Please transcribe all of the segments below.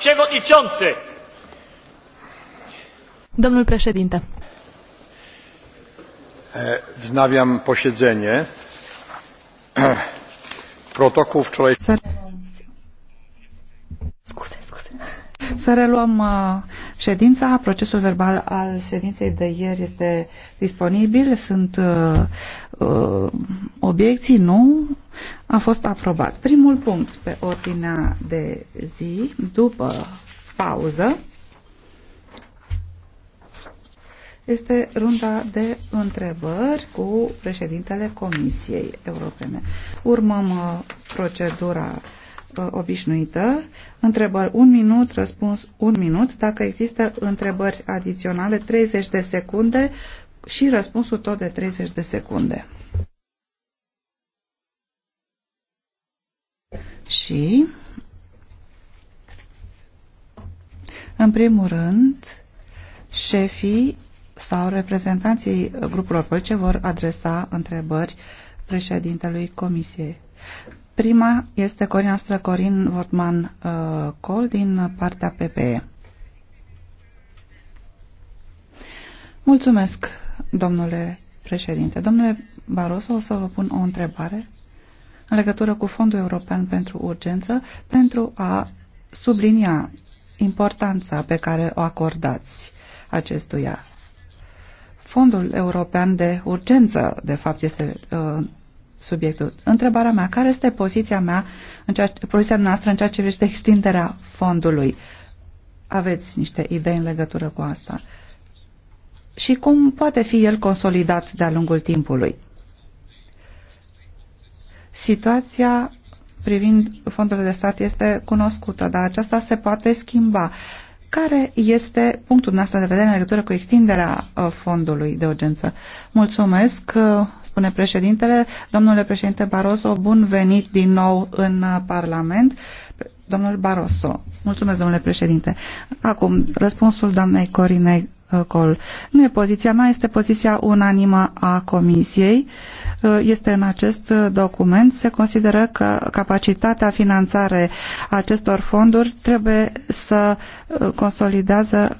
przewodniczący! Domnul președinte. Wznawiam posiedzenie. Protokół wczoraj... Scuze, scuze. Să reluăm ședința. Procesul verbal al ședinței de ieri este disponibil. Sunt uh, obiecții? Nu? a fost aprobat. Primul punct pe ordinea de zi, după pauză, este runda de întrebări cu președintele Comisiei Europene. Urmăm uh, procedura uh, obișnuită, întrebări un minut, răspuns un minut, dacă există întrebări adiționale 30 de secunde și răspunsul tot de 30 de secunde. Și, în primul rând, șefii sau reprezentanții grupurilor politice vor adresa întrebări președintelui Comisiei. Prima este Corina Străcorin Vortman uh, Col din partea PPE. Mulțumesc, domnule președinte. Domnule Barroso, o să vă pun o întrebare în legătură cu Fondul European pentru Urgență pentru a sublinia importanța pe care o acordați acestuia. Fondul European de Urgență, de fapt, este uh, subiectul. Întrebarea mea, care este poziția mea, în ceea, poziția noastră în ceea ce privește extinderea fondului? Aveți niște idei în legătură cu asta? Și cum poate fi el consolidat de-a lungul timpului? Situația privind fondurile de stat este cunoscută, dar aceasta se poate schimba. Care este punctul nostru de vedere în legătură cu extinderea uh, fondului de urgență? Mulțumesc, uh, spune președintele. Domnule președinte Barroso, bun venit din nou în uh, Parlament. Domnul Barroso, mulțumesc, domnule președinte. Acum, răspunsul doamnei Corinei Col. Nu e poziția mea, este poziția unanimă a Comisiei. Uh, este în acest uh, document. Se consideră că capacitatea finanțare a acestor fonduri trebuie să uh, consolidează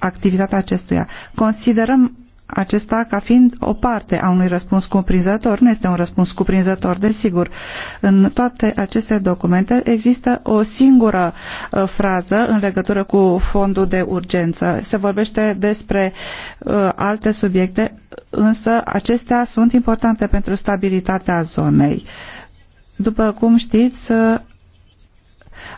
activitatea acestuia. Considerăm acesta ca fiind o parte a unui răspuns cuprinzător. Nu este un răspuns cuprinzător, desigur. În toate aceste documente există o singură uh, frază în legătură cu fondul de urgență. Se vorbește despre uh, alte subiecte, însă acestea sunt importante pentru stabilitatea zonei. După cum știți, uh,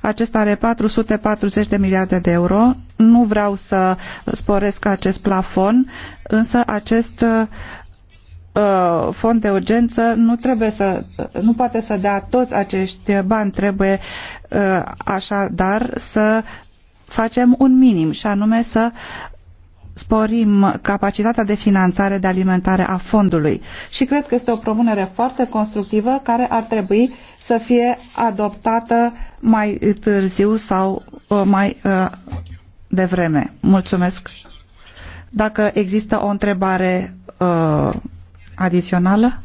acesta are 440 de miliarde de euro. Nu vreau să sporesc acest plafon, însă acest uh, fond de urgență nu trebuie să nu poate să dea toți acești bani, trebuie uh, așadar să facem un minim și anume să sporim capacitatea de finanțare de alimentare a fondului. Și cred că este o propunere foarte constructivă care ar trebui să fie adoptată mai târziu sau uh, mai uh, devreme. Mulțumesc. Dacă există o întrebare uh, adițională?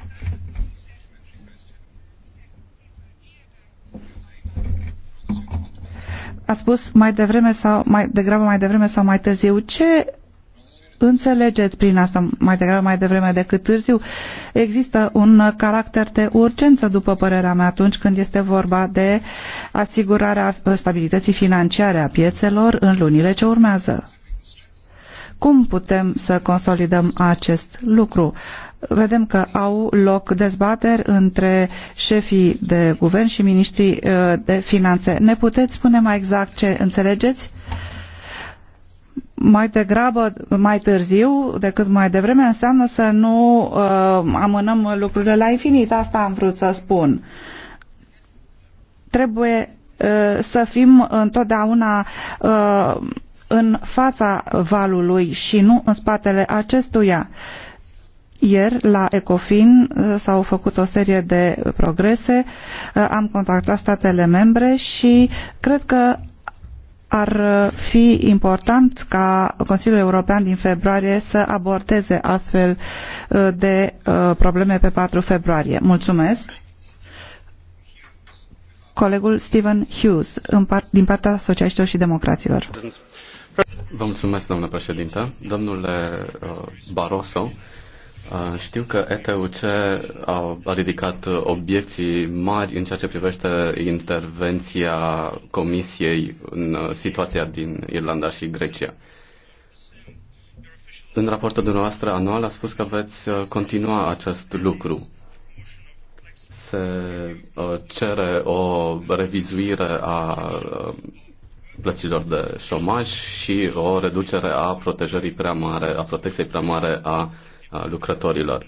Ați spus mai devreme sau mai degrabă mai devreme sau mai târziu. Ce înțelegeți prin asta mai degrabă mai devreme decât târziu, există un caracter de urgență, după părerea mea, atunci când este vorba de asigurarea stabilității financiare a piețelor în lunile ce urmează. Cum putem să consolidăm acest lucru? Vedem că au loc dezbateri între șefii de guvern și ministrii uh, de finanțe. Ne puteți spune mai exact ce înțelegeți? Uh, mai degrabă mai târziu decât mai devreme înseamnă să nu uh, amânăm lucrurile la infinit. Asta am vrut să spun. Trebuie uh, să fim întotdeauna uh, în fața valului și nu în spatele acestuia. Ieri, la Ecofin, uh, s-au făcut o serie de progrese, uh, am contactat statele membre și cred că ar uh, fi important ca Consiliul European din februarie să abordeze astfel uh, de uh, probleme pe 4 februarie. Mulțumesc! Colegul Stephen Hughes, din partea Socialiștilor și Democraților. Vă mulțumesc, doamnă președintă. Domnule Barroso, Uh, știu că ETUC a ridicat obiecții mari în ceea ce privește intervenția Comisiei în uh, situația din Irlanda și Grecia. În raportul dumneavoastră anual a spus că veți uh, continua acest lucru. Se cere o revizuire a plăților de șomaj și o reducere a protejării prea mare, a protecției prea mare a lucrătorilor.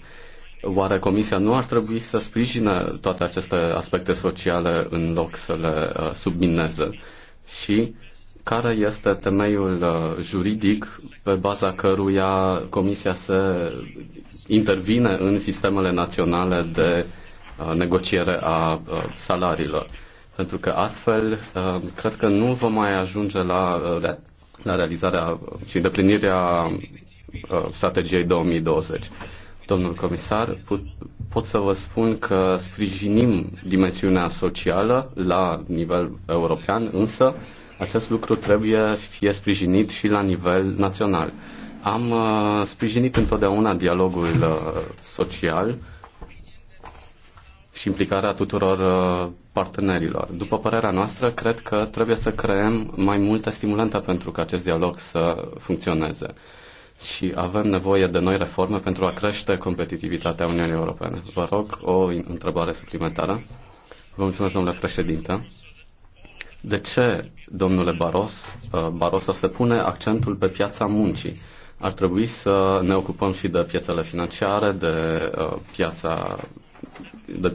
Oare Comisia nu ar trebui să sprijine toate aceste aspecte sociale în loc să le uh, submineze? Și care este temeiul uh, juridic pe baza căruia Comisia se intervine în sistemele naționale de uh, negociere a salariilor? Pentru că astfel cred că nu vom mai ajunge la, la realizarea și îndeplinirea Uh, strategiei 2020. Domnul comisar, put, pot să vă spun că sprijinim dimensiunea socială la nivel european, însă acest lucru trebuie fie sprijinit și la nivel național. Am uh, sprijinit întotdeauna dialogul uh, social și implicarea tuturor uh, partenerilor. După părerea noastră, cred că trebuie să creăm mai multe stimulante pentru ca acest dialog să funcționeze și avem nevoie de noi reforme pentru a crește competitivitatea Uniunii Europene. Vă rog o întrebare suplimentară. Vă mulțumesc, domnule președinte. De ce, domnule Baros, uh, Barosa se pune accentul pe piața muncii? Ar trebui să ne ocupăm și de piețele financiare, de uh, piața de,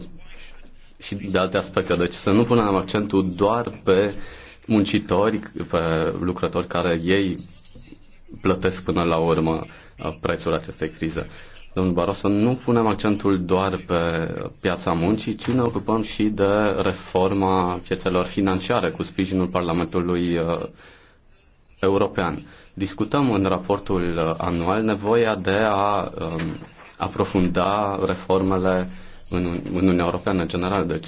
și de alte aspecte. Deci să nu punem accentul doar pe muncitori, pe lucrători care ei plătesc până la urmă uh, prețul acestei crize. Domnul Barroso, nu punem accentul doar pe piața muncii, ci ne ocupăm și de reforma piețelor financiare cu sprijinul Parlamentului uh, European. Discutăm în raportul uh, anual nevoia de a um, aprofunda reformele în Uniunea Europeană în general. Deci,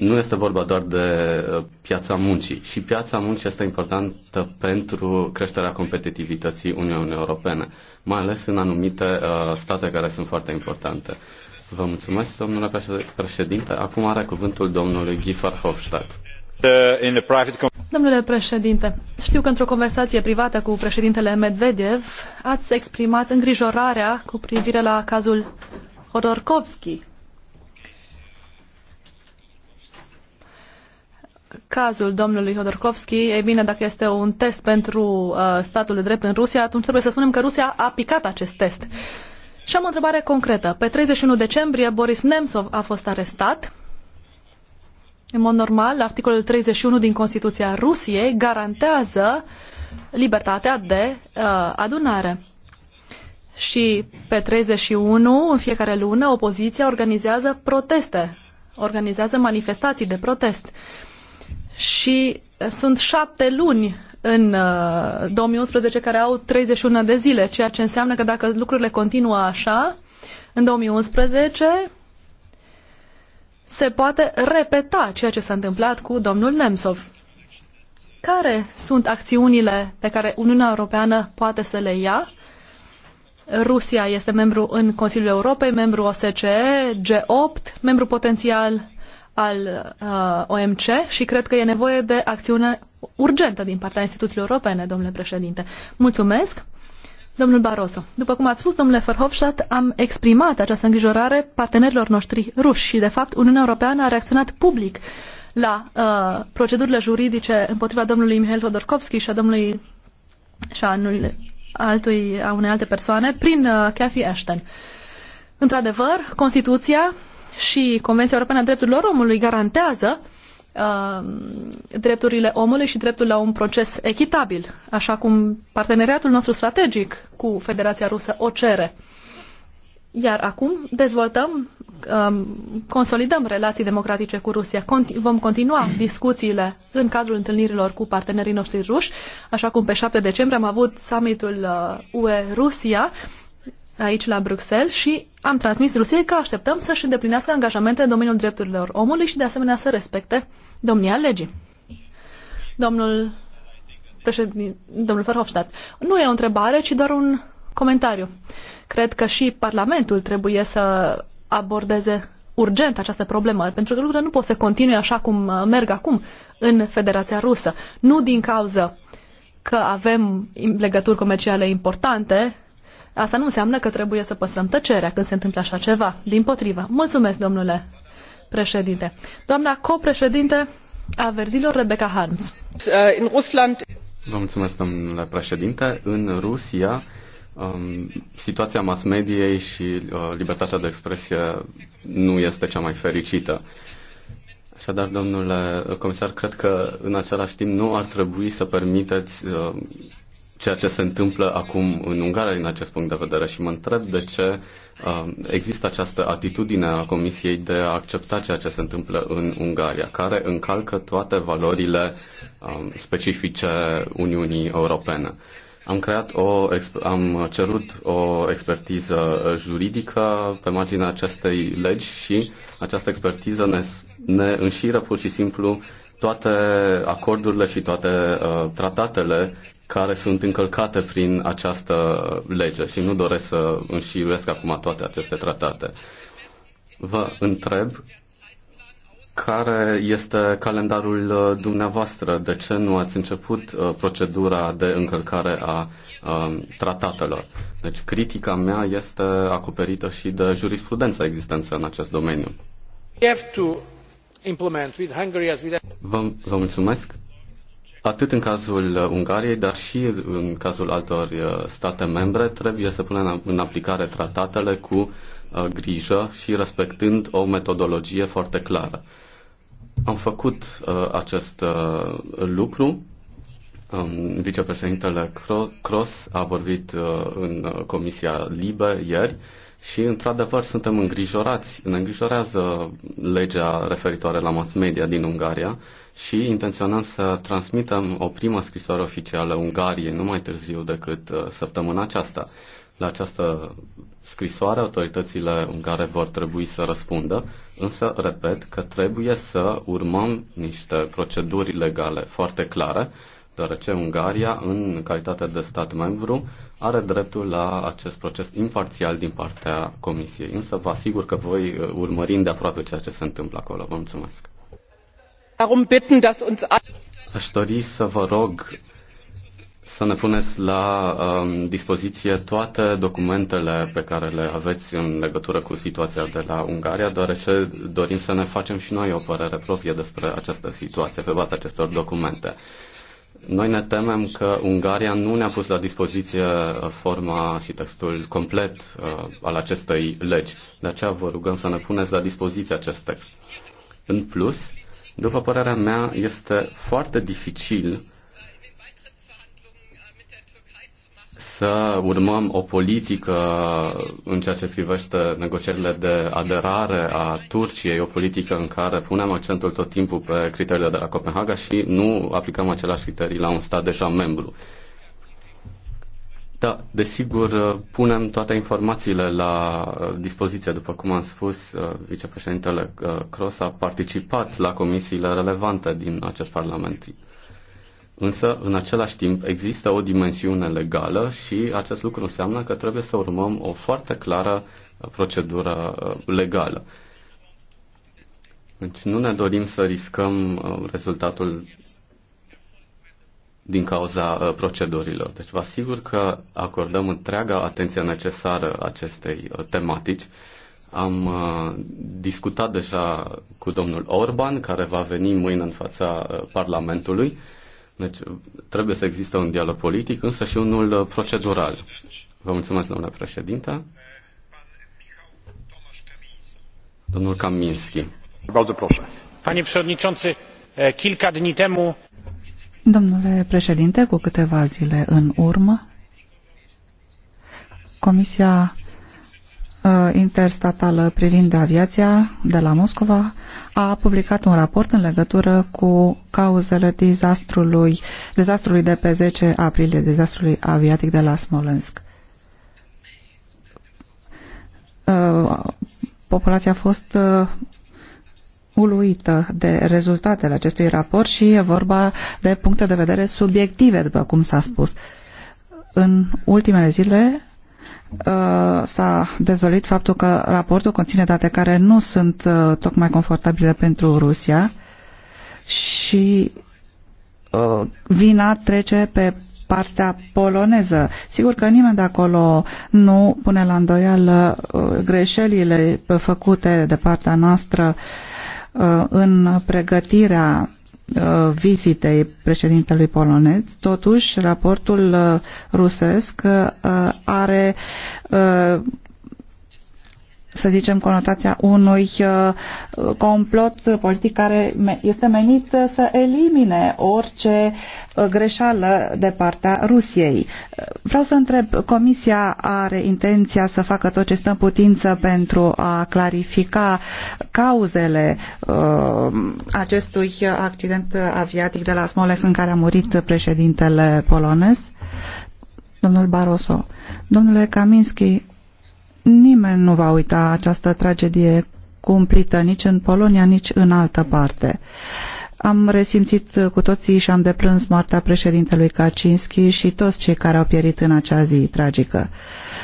nu este vorba doar de uh, piața muncii, și piața muncii este importantă pentru creșterea competitivității Uniunii Europene, mai ales în anumite uh, state care sunt foarte importante. Vă mulțumesc, domnule președinte. Acum are cuvântul domnului Gifar Hofstadt. Uh, domnule președinte, știu că într-o conversație privată cu președintele Medvedev ați exprimat îngrijorarea cu privire la cazul Hodorkovski, cazul domnului Hodorkovski, e bine, dacă este un test pentru uh, statul de drept în Rusia, atunci trebuie să spunem că Rusia a picat acest test. Și am o întrebare concretă. Pe 31 decembrie, Boris Nemtsov a fost arestat. În mod normal, articolul 31 din Constituția Rusiei garantează libertatea de uh, adunare. Și pe 31, în fiecare lună, opoziția organizează proteste, organizează manifestații de protest. Uh, și uh, sunt șapte luni în 2011 uh, care au 31 de zile, ceea ce înseamnă că dacă lucrurile continuă așa, în 2011 se poate repeta ceea ce s-a întâmplat cu domnul Nemsov. Care sunt acțiunile pe care Uniunea Europeană poate să le ia? Rusia este membru în Consiliul Europei, membru OSCE, G8, membru potențial al uh, OMC și cred că e nevoie de acțiune urgentă din partea instituțiilor europene, domnule președinte. Mulțumesc! Domnul Barroso, după cum ați spus, domnule Verhofstadt, am exprimat această îngrijorare partenerilor noștri ruși și, de fapt, Uniunea Europeană a reacționat public la uh, procedurile juridice împotriva domnului Mihail Hodorkovski și a domnului și a, anul, altui, a unei alte persoane prin uh, Cathy Ashton. Într-adevăr, Constituția și Convenția Europeană a Drepturilor Omului garantează uh, drepturile omului și dreptul la un proces echitabil, așa cum parteneriatul nostru strategic cu Federația Rusă o cere. Iar acum dezvoltăm, um, consolidăm relații democratice cu Rusia. vom continua discuțiile în cadrul întâlnirilor cu partenerii noștri ruși, așa cum pe 7 decembrie am avut summitul UE-Rusia uh, aici la Bruxelles și am transmis Rusiei că așteptăm să-și îndeplinească angajamente în domeniul drepturilor omului și de asemenea să respecte domnia legii. Domnul președinte, domnul Verhofstadt, nu e o întrebare, ci doar un comentariu. Cred că și Parlamentul trebuie să abordeze urgent această problemă, pentru că lucrurile nu pot să continue așa cum uh, merg acum în Federația Rusă. Nu din cauza că avem legături comerciale importante Asta nu înseamnă că trebuie să păstrăm tăcerea când se întâmplă așa ceva. Din potrivă. Mulțumesc, domnule președinte. Doamna copreședinte a verzilor, Rebecca Harms. În uh, Rusland... Vă mulțumesc, domnule președinte. În Rusia, um, situația mass mediei și uh, libertatea de expresie nu este cea mai fericită. Așadar, domnule comisar, cred că în același timp nu ar trebui să permiteți uh, ceea ce se întâmplă acum în Ungaria din acest punct de vedere și mă întreb de ce uh, există această atitudine a Comisiei de a accepta ceea ce se întâmplă în Ungaria, care încalcă toate valorile um, specifice Uniunii Europene. Am creat o, am cerut o expertiză juridică pe marginea acestei legi și această expertiză ne, ne înșiră pur și simplu toate acordurile și toate uh, tratatele care sunt încălcate prin această lege și nu doresc să înșiruiesc acum toate aceste tratate. Vă întreb care este calendarul uh, dumneavoastră? De ce nu ați început uh, procedura de încălcare a um, tratatelor? Deci critica mea este acoperită și de jurisprudența existență în acest domeniu. Vă, vă mulțumesc. Atât în cazul uh, Ungariei, dar și în cazul altor uh, state membre, trebuie să punem în aplicare tratatele cu uh, grijă și respectând o metodologie foarte clară. Am făcut acest lucru. Um, vicepreședintele Cross a vorbit în Comisia Libe ieri și, într-adevăr, suntem îngrijorați, ne îngrijorează legea referitoare la mass media din Ungaria și intenționăm să transmitem o primă scrisoare oficială Ungariei nu mai târziu decât uh, săptămâna aceasta. La această scrisoare autoritățile ungare vor trebui să răspundă, însă repet că trebuie să urmăm niște proceduri legale foarte clare deoarece Ungaria, în calitate de stat membru, are dreptul la acest proces imparțial din partea Comisiei. Însă vă asigur că voi uh, urmări de aproape ceea ce se întâmplă acolo. Vă mulțumesc. Aș dori să vă rog să ne puneți la um, dispoziție toate documentele pe care le aveți în legătură cu situația de la Ungaria, deoarece dorim să ne facem și noi o părere proprie despre această situație pe baza acestor documente. Noi ne temem că Ungaria nu ne-a pus la dispoziție uh, forma și textul complet uh, al acestei legi. De aceea vă rugăm să ne puneți la dispoziție acest text. În plus, după părerea mea, este foarte dificil să urmăm o politică în ceea ce privește negocierile de aderare a Turciei, o politică în care punem accentul tot timpul pe criteriile de la Copenhaga și nu aplicăm aceleași criterii la un stat deja membru. Da, desigur, punem toate informațiile la uh, dispoziție. După cum am spus, uh, vicepreședintele Cross uh, a participat la comisiile relevante din acest Parlament. Însă, în același timp, există o dimensiune legală și acest lucru înseamnă că trebuie să urmăm o foarte clară uh, procedură uh, legală. Deci nu ne dorim să riscăm uh, rezultatul din cauza procedurilor. Deci vă asigur că acordăm întreaga atenție necesară acestei tematici. Am discutat deja cu domnul Orban, care va veni mâine în fața Parlamentului deci trebuie să existe un dialog politic, însă și unul uh, procedural. Vă mulțumesc, domnule președinte. Domnul Kaminski. Panie przewodniczący, kilka dni temu Domnule președinte, cu câteva zile în urmă, Comisia Uh, interstatală privind aviația de la Moscova a publicat un raport în legătură cu cauzele dezastrului, dezastrului de pe 10 aprilie, dezastrului aviatic de la Smolensk. Uh, populația a fost uh, uluită de rezultatele acestui raport și e vorba de puncte de vedere subiective, după cum s-a spus. În ultimele zile, Uh, s-a dezvăluit faptul că raportul conține date care nu sunt uh, tocmai confortabile pentru Rusia și uh, vina trece pe partea poloneză. Sigur că nimeni de acolo nu pune la îndoială greșelile făcute de partea noastră în pregătirea Uh, vizitei președintelui polonez, totuși raportul uh, rusesc uh, are să zicem, conotația unui complot politic care este menit să elimine orice Uh, greșeală de partea Rusiei. Uh, vreau să întreb, Comisia are intenția să facă tot ce stă în putință pentru a clarifica cauzele uh, acestui accident aviatic de la Smolensk în care a murit președintele polonez? Domnul Barroso, domnule Kaminski, nimeni nu va uita această tragedie cumplită nici în Polonia, nici în altă parte. Uh, am resimțit cu toții și am deplâns moartea președintelui Kaczynski și toți cei care au pierit în acea zi tragică.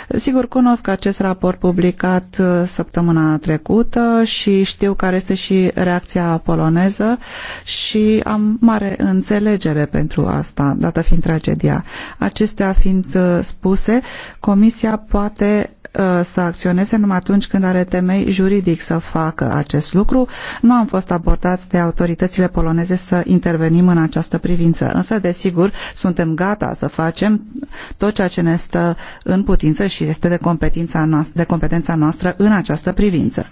Sigur, cunosc acest raport publicat uh, săptămâna trecută și știu care este și reacția poloneză și am mare înțelegere pentru asta, dată fiind tragedia. Acestea fiind uh, spuse, Comisia poate Uh, să acționeze numai atunci când are temei juridic să facă acest lucru. Nu am fost abordați de autoritățile poloneze să intervenim în această privință, însă, desigur, suntem gata să facem tot ceea ce ne stă în putință și este de competența noastră, de competența noastră în această privință.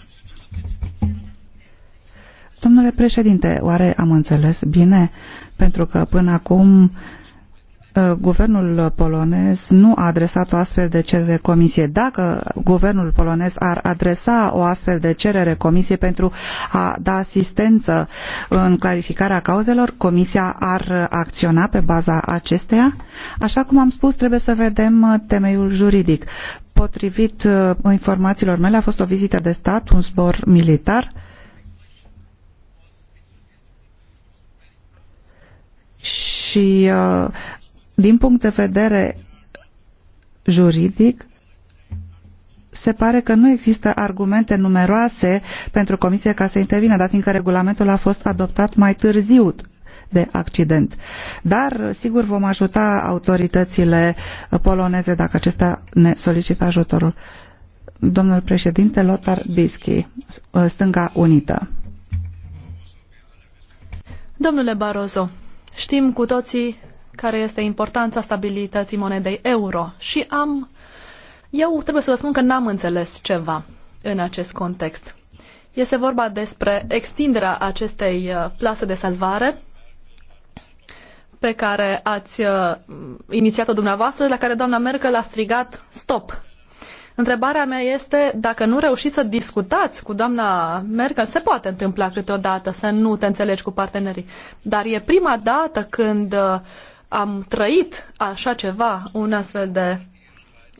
Domnule președinte, oare am înțeles bine? Pentru că până acum Uh, guvernul polonez nu a adresat o astfel de cerere comisiei. Dacă guvernul polonez ar adresa o astfel de cerere comisiei pentru a da asistență în clarificarea cauzelor, comisia ar acționa pe baza acesteia? Așa cum am spus, trebuie să vedem uh, temeiul juridic. Potrivit uh, informațiilor mele, a fost o vizită de stat, un zbor militar, și din punct de vedere juridic, se pare că nu există argumente numeroase pentru comisie ca să intervină, dat fiindcă regulamentul a fost adoptat mai târziu de accident. Dar, sigur, vom ajuta autoritățile poloneze dacă acestea ne solicită ajutorul. Domnul președinte Lothar Bischi, Stânga Unită. Domnule Barroso, știm cu toții care este importanța stabilității monedei euro și am eu trebuie să vă spun că n-am înțeles ceva în acest context. Este vorba despre extinderea acestei uh, plase de salvare pe care ați uh, inițiat-o dumneavoastră, la care doamna Merkel a strigat stop. Întrebarea mea este dacă nu reușiți să discutați cu doamna Merkel, se poate întâmpla câteodată să nu te înțelegi cu partenerii, dar e prima dată când uh, am trăit așa ceva, un astfel de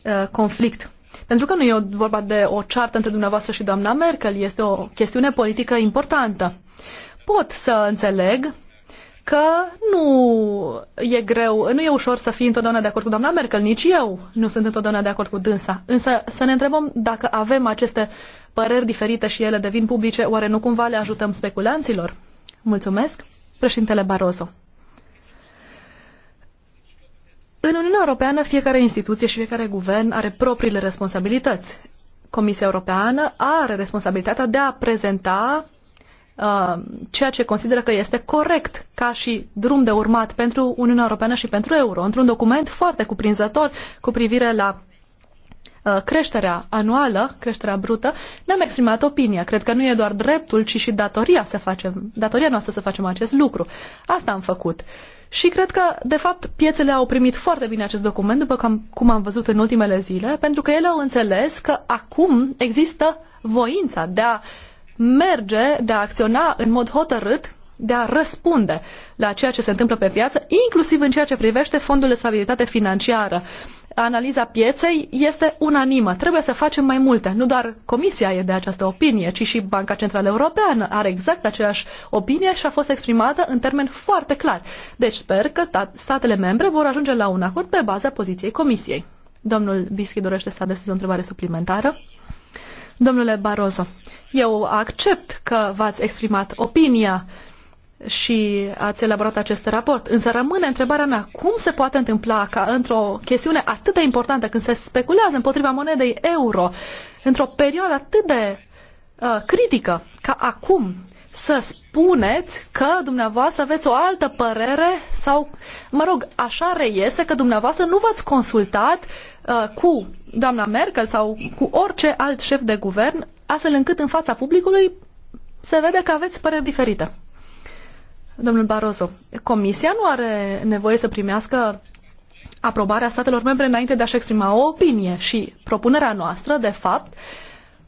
uh, conflict. Pentru că nu e vorba de o ceartă între dumneavoastră și doamna Merkel, este o chestiune politică importantă. Pot să înțeleg că nu e greu, nu e ușor să fii întotdeauna de acord cu doamna Merkel, nici eu nu sunt întotdeauna de acord cu dânsa. Însă să ne întrebăm dacă avem aceste păreri diferite și ele devin publice, oare nu cumva le ajutăm speculanților? Mulțumesc, președintele Barroso. În Uniunea Europeană, fiecare instituție și fiecare guvern are propriile responsabilități. Comisia Europeană are responsabilitatea de a prezenta uh, ceea ce consideră că este corect ca și drum de urmat pentru Uniunea Europeană și pentru euro, într-un document foarte cuprinzător cu privire la Uh, creșterea anuală, creșterea brută, ne-am exprimat opinia. Cred că nu e doar dreptul, ci și datoria, să facem, datoria noastră să facem acest lucru. Asta am făcut. Și cred că, de fapt, piețele au primit foarte bine acest document, după cum, cum am văzut în ultimele zile, pentru că ele au înțeles că acum există voința de a merge, de a acționa în mod hotărât, de a răspunde la ceea ce se întâmplă pe piață, inclusiv în ceea ce privește fondul de stabilitate financiară analiza pieței este unanimă. Trebuie să facem mai multe. Nu doar Comisia e de această opinie, ci și Banca Centrală Europeană are exact aceeași opinie și a fost exprimată în termeni foarte clari. Deci sper că statele membre vor ajunge la un acord pe baza poziției Comisiei. Domnul Bischi dorește să adreseze o întrebare suplimentară. Domnule Barroso, eu accept că v-ați exprimat opinia și ați elaborat acest raport. Însă rămâne întrebarea mea, cum se poate întâmpla ca într-o chestiune atât de importantă, când se speculează împotriva monedei euro, într-o perioadă atât de uh, critică ca acum, să spuneți că dumneavoastră aveți o altă părere sau, mă rog, așa reiese că dumneavoastră nu v-ați consultat uh, cu doamna Merkel sau cu orice alt șef de guvern, astfel încât în fața publicului se vede că aveți păreri diferite. Domnul Barroso, Comisia nu are nevoie să primească aprobarea statelor membre înainte de a-și exprima o opinie și propunerea noastră, de fapt,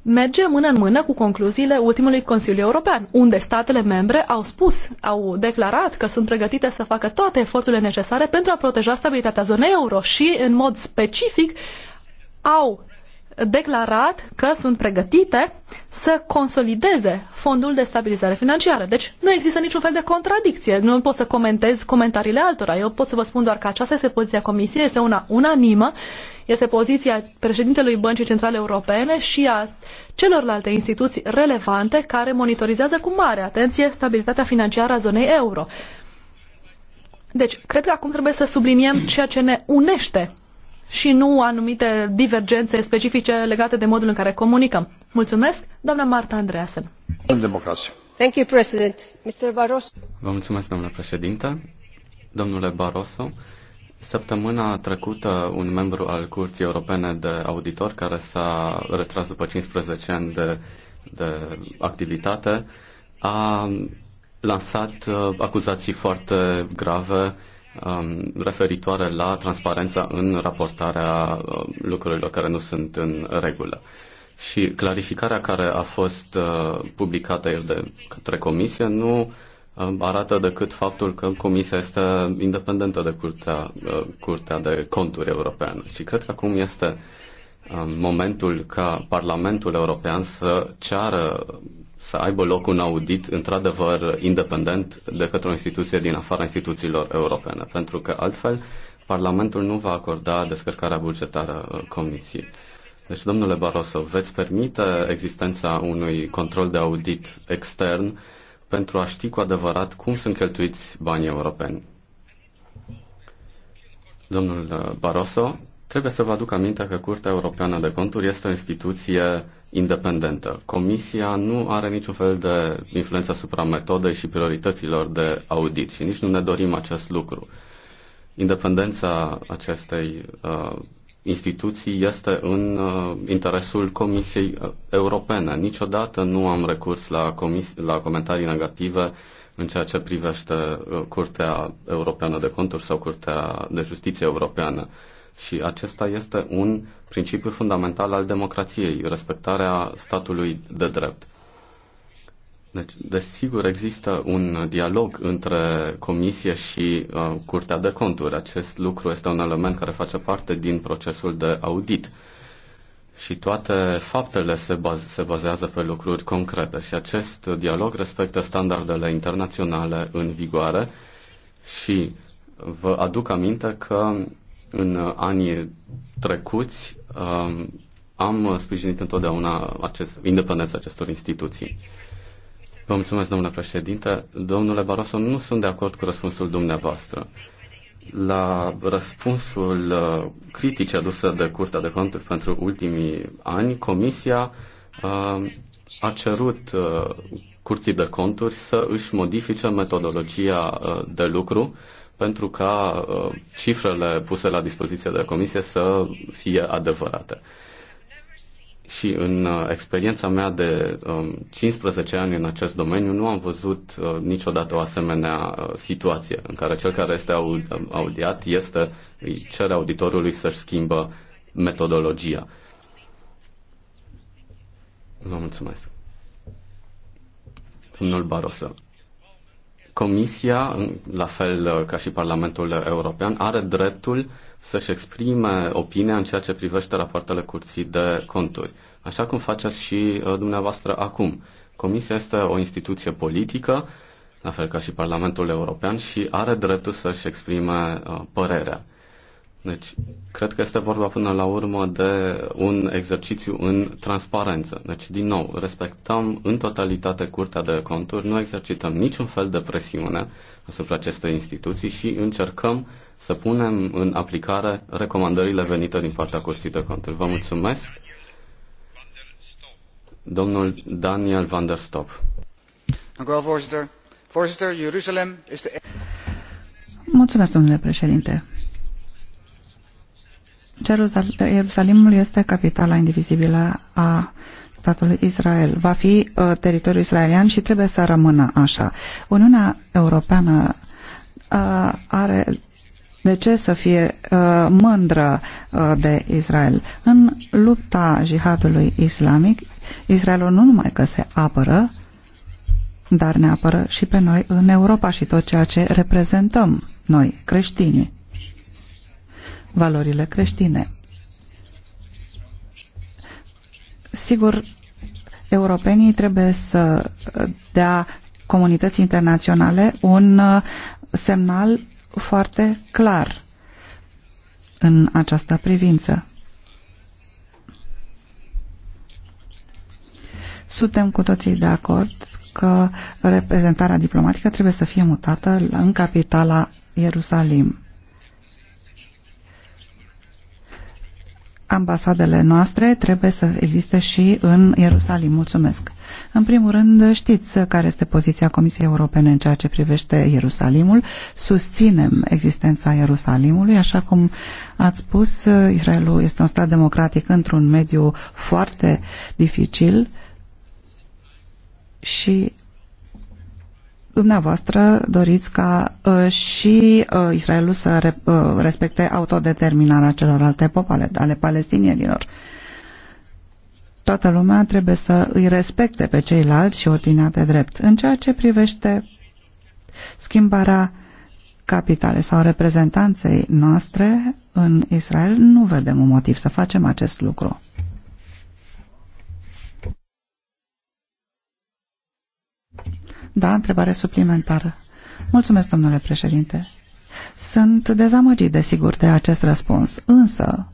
merge mână în mână cu concluziile ultimului Consiliu European, unde statele membre au spus, au declarat că sunt pregătite să facă toate eforturile necesare pentru a proteja stabilitatea zonei euro și, în mod specific, au declarat că sunt pregătite să consolideze fondul de stabilizare financiară. Deci nu există niciun fel de contradicție. Nu pot să comentez comentariile altora. Eu pot să vă spun doar că aceasta este poziția Comisiei, este una unanimă, este poziția președintelui Băncii Centrale Europene și a celorlalte instituții relevante care monitorizează cu mare atenție stabilitatea financiară a zonei euro. Deci, cred că acum trebuie să subliniem ceea ce ne unește și nu anumite divergențe specifice legate de modul în care comunicăm. Mulțumesc, doamna Marta Andreasen. Democrație. Thank you, President. Mr. Barroso. Vă mulțumesc, domnule președinte. Domnule Barroso, Săptămâna trecută, un membru al Curții Europene de Auditor, care s-a retras după 15 ani de, de activitate, a lansat uh, acuzații foarte grave Um, referitoare la transparența în raportarea uh, lucrurilor care nu sunt în regulă. Și clarificarea care a fost uh, publicată ieri de către Comisie nu um, arată decât faptul că Comisia este independentă de Curtea, uh, curtea de Conturi Europeană. Și cred că acum este um, momentul ca Parlamentul European să ceară să aibă loc un audit într-adevăr independent de către o instituție din afara instituțiilor europene, pentru că altfel Parlamentul nu va acorda descărcarea bugetară Comisiei. Deci, domnule Barroso, veți permite existența unui control de audit extern pentru a ști cu adevărat cum sunt cheltuiți banii europeni. Domnul Barroso, Trebuie să vă aduc aminte că Curtea Europeană de Conturi este o instituție independentă. Comisia nu are niciun fel de influență asupra metodei și priorităților de audit și nici nu ne dorim acest lucru. Independența acestei uh, instituții este în uh, interesul Comisiei uh, Europene. Niciodată nu am recurs la, comis- la comentarii negative în ceea ce privește uh, Curtea Europeană de Conturi sau Curtea de Justiție Europeană. Și acesta este un principiu fundamental al democrației, respectarea statului de drept. Deci, desigur, există un dialog între Comisie și uh, Curtea de Conturi. Acest lucru este un element care face parte din procesul de audit. Și toate faptele se, baz- se bazează pe lucruri concrete. Și acest dialog respectă standardele internaționale în vigoare și vă aduc aminte că în uh, anii trecuți um, am uh, sprijinit întotdeauna acest, independența acestor instituții. Vă mulțumesc, domnule președinte. Domnule Barroso, nu sunt de acord cu răspunsul dumneavoastră. La răspunsul uh, critic adusă de Curtea de Conturi pentru ultimii ani, Comisia um, a cerut Curții de Conturi să își modifice metodologia de lucru pentru ca uh, cifrele puse la dispoziție de comisie să fie adevărate. Și în uh, experiența mea de 15 um, ani în acest domeniu nu am văzut uh, niciodată o asemenea situație în care cel care este um, audiat este, îi cere auditorului să-și schimbă metodologia. Vă mulțumesc. Domnul Barosă. Comisia, la fel uh, ca și Parlamentul European, are dreptul să-și exprime opinia în ceea ce privește rapoartele curții de conturi, așa cum faceți și uh, dumneavoastră acum. Comisia este o instituție politică, la fel ca și Parlamentul European, și are dreptul să-și exprime uh, părerea. Deci, cred că este vorba până la urmă de un exercițiu în transparență. Deci, din nou, respectăm în totalitate Curtea de Conturi, nu exercităm niciun fel de presiune asupra acestei instituții și încercăm să punem în aplicare recomandările venite din partea Curții de Conturi. Vă mulțumesc. Domnul Daniel van der Stop. Mulțumesc, domnule președinte. Eh, Ierusalimul este capitala indivizibilă a statului Israel. Va fi uh, teritoriul israelian și trebuie să rămână așa. Uniunea Europeană uh, are de ce să fie uh, mândră uh, de Israel? În lupta jihadului islamic, Israelul nu numai că se apără, dar ne apără și pe noi în Europa și tot ceea ce reprezentăm noi, creștinii valorile creștine. Sigur, europenii trebuie să dea comunității internaționale un uh, semnal foarte clar în această privință. Suntem cu toții de acord că reprezentarea diplomatică trebuie să fie mutată în capitala Ierusalim. ambasadele noastre trebuie să existe și în Ierusalim. Mulțumesc. În primul rând, știți care este poziția Comisiei Europene în ceea ce privește Ierusalimul. Susținem existența Ierusalimului. Așa cum ați spus, Israelul este un stat democratic într-un mediu foarte dificil și dumneavoastră doriți ca uh, și uh, Israelul să re, uh, respecte autodeterminarea celorlalte popale, ale palestinienilor. Toată lumea trebuie să îi respecte pe ceilalți și ordinea de drept. În ceea ce privește schimbarea capitale sau reprezentanței noastre în Israel, nu vedem un motiv să facem acest lucru. Da, întrebare suplimentară. Mulțumesc, domnule președinte. Sunt dezamăgit, desigur, de acest răspuns, însă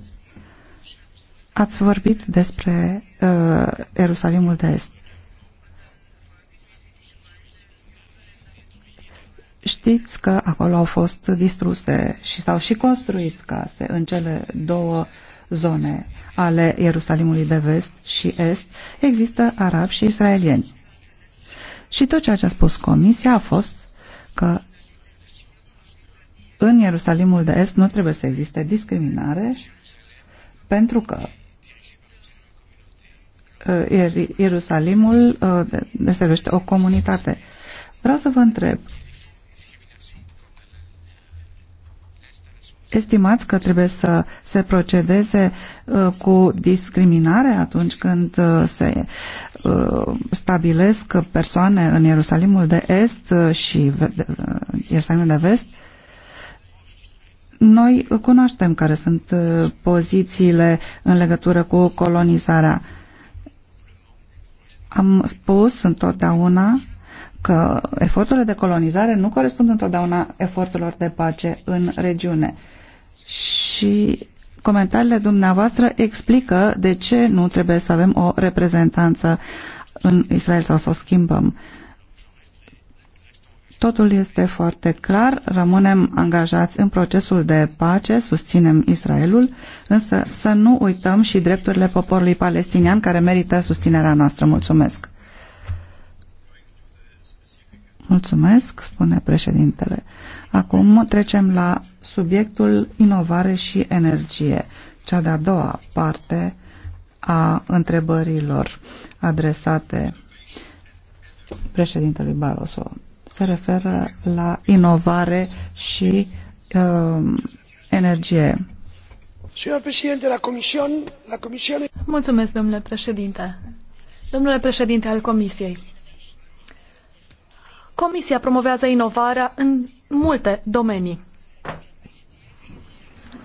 ați vorbit despre uh, Ierusalimul de Est. Știți că acolo au fost distruse și s-au și construit case în cele două zone ale Ierusalimului de Vest și Est. Există arabi și israelieni. Și tot ceea ce a spus Comisia a fost că în Ierusalimul de Est nu trebuie să existe discriminare pentru că uh, Ierusalimul uh, este o comunitate. Vreau să vă întreb, Estimați că trebuie să se procedeze uh, cu discriminare atunci când uh, se uh, stabilesc persoane în Ierusalimul de Est și Ierusalimul de Vest? Noi cunoaștem care sunt pozițiile în legătură cu colonizarea. Am spus întotdeauna că eforturile de colonizare nu corespund întotdeauna eforturilor de pace în regiune și comentariile dumneavoastră explică de ce nu trebuie să avem o reprezentanță în Israel sau să o schimbăm. Totul este foarte clar, rămânem angajați în procesul de pace, susținem Israelul, însă să nu uităm și drepturile poporului palestinian care merită susținerea noastră. Mulțumesc! Mulțumesc, spune președintele. Acum trecem la subiectul inovare și energie, cea de-a doua parte a întrebărilor adresate președintelui Barroso. Se referă la inovare și uh, energie. Mulțumesc, domnule președinte. Domnule președinte al Comisiei, Comisia promovează inovarea în multe domenii.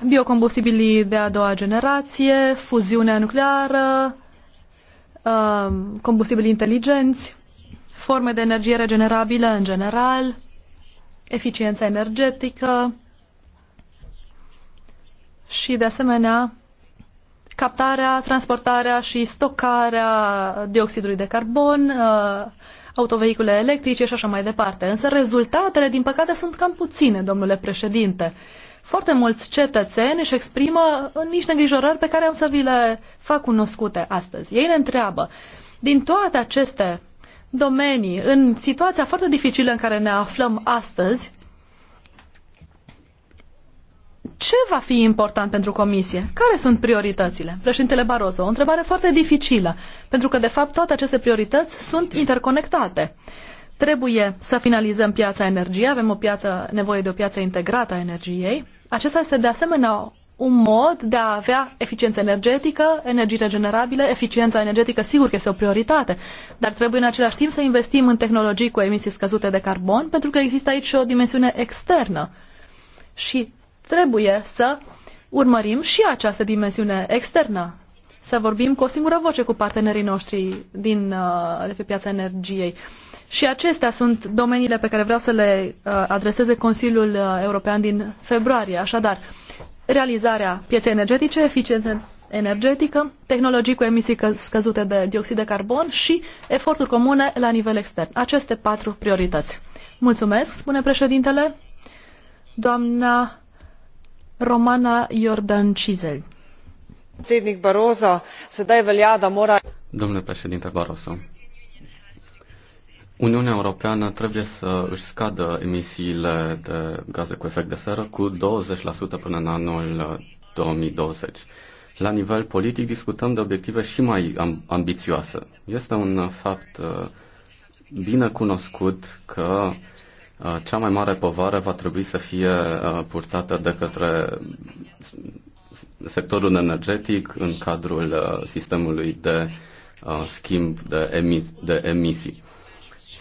Biocombustibilii de a doua generație, fuziunea nucleară, um, combustibili inteligenți, forme de energie regenerabilă în general, eficiența energetică și, de asemenea, captarea, transportarea și stocarea dioxidului de carbon, uh, autovehicule electrice și așa mai departe. Însă rezultatele, din păcate, sunt cam puține, domnule președinte. Foarte mulți cetățeni își exprimă uh, niște îngrijorări pe care am să vi le fac cunoscute astăzi. Ei ne întreabă, din toate aceste domenii, în situația foarte dificilă în care ne aflăm astăzi, ce va fi important pentru Comisie? Care sunt prioritățile? Președintele Barroso, o întrebare foarte dificilă, pentru că, de fapt, toate aceste priorități sunt interconectate. Trebuie să finalizăm piața energiei, avem o piață, nevoie de o piață integrată a energiei. Acesta este, de asemenea, un mod de a avea eficiență energetică, energii regenerabile, eficiența energetică sigur că este o prioritate, dar trebuie în același timp să investim în tehnologii cu emisii scăzute de carbon, pentru că există aici și o dimensiune externă. Și trebuie să urmărim și această dimensiune externă, să vorbim cu o singură voce cu partenerii noștri din, uh, de pe piața energiei. Și acestea sunt domeniile pe care vreau să le uh, adreseze Consiliul uh, European din februarie. Așadar, realizarea pieței energetice, eficiență energetică, tehnologii cu emisii scăzute de dioxid de carbon și eforturi comune la nivel extern. Aceste patru priorități. Mulțumesc, spune președintele. Doamna Romana Jordan Cizel. Predsednik Barroso, sedaj velja, da mora... Domnule președinte Barroso, Uniunea Europeană trebuie să își scadă emisiile de gaze cu efect de seră cu 20% până în anul 2020. La nivel politic discutăm de obiective și mai ambițioase. Este un fapt uh, bine cunoscut că uh, Uh, cea mai mare povară va trebui să fie uh, purtată de către sectorul energetic în cadrul uh, sistemului de schimb de, emis- de emisii.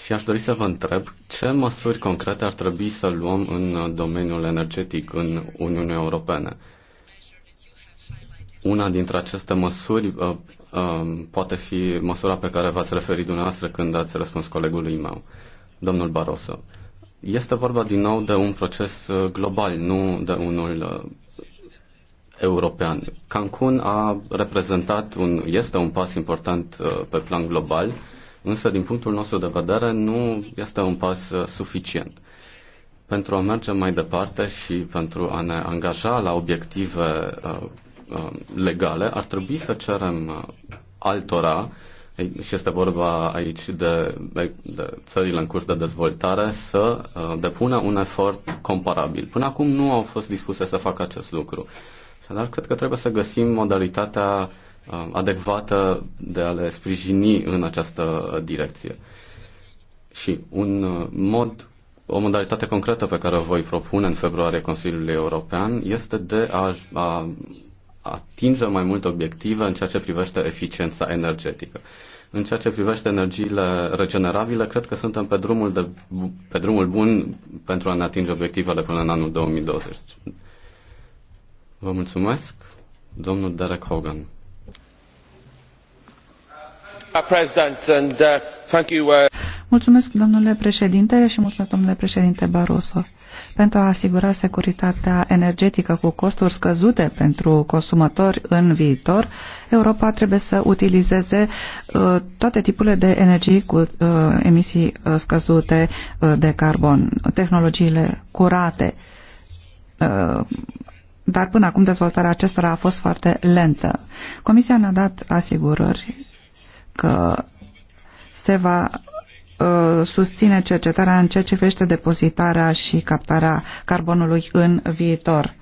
Și aș dori să vă întreb ce măsuri concrete ar trebui să luăm în domeniul energetic în Uniunea Europeană. Una dintre aceste măsuri uh, uh, poate fi măsura pe care v-ați referit dumneavoastră când ați răspuns colegului meu, domnul Barroso. Este vorba din nou de un proces uh, global, nu de unul uh, european. Cancun a reprezentat un, este un pas important uh, pe plan global, însă din punctul nostru de vedere nu este un pas suficient. Pentru a merge mai departe și pentru a ne angaja la obiective legale, ar trebui să cerem altora și este vorba aici de, de, de țările în curs de dezvoltare, să uh, depună un efort comparabil. Până acum nu au fost dispuse să facă acest lucru. Dar cred că trebuie să găsim modalitatea uh, adecvată de a le sprijini în această direcție. Și un uh, mod, o modalitate concretă pe care o voi propune în februarie Consiliului European este de a, a atinge mai multe obiective în ceea ce privește eficiența energetică. În ceea ce privește energiile regenerabile, cred că suntem pe drumul, de, pe drumul bun pentru a ne atinge obiectivele până în anul 2020. Vă mulțumesc, domnul Derek Hogan. Uh, uh, uh, mulțumesc, domnule președinte, și mulțumesc, domnule președinte Barroso pentru a asigura securitatea energetică cu costuri scăzute pentru consumatori în viitor, Europa trebuie să utilizeze uh, toate tipurile de energii cu uh, emisii uh, scăzute de carbon, tehnologiile curate. Dar până acum dezvoltarea acestora a fost foarte lentă. Comisia ne-a dat asigurări că se va Uh, susține cercetarea în ceea ce privește depozitarea și captarea carbonului în viitor.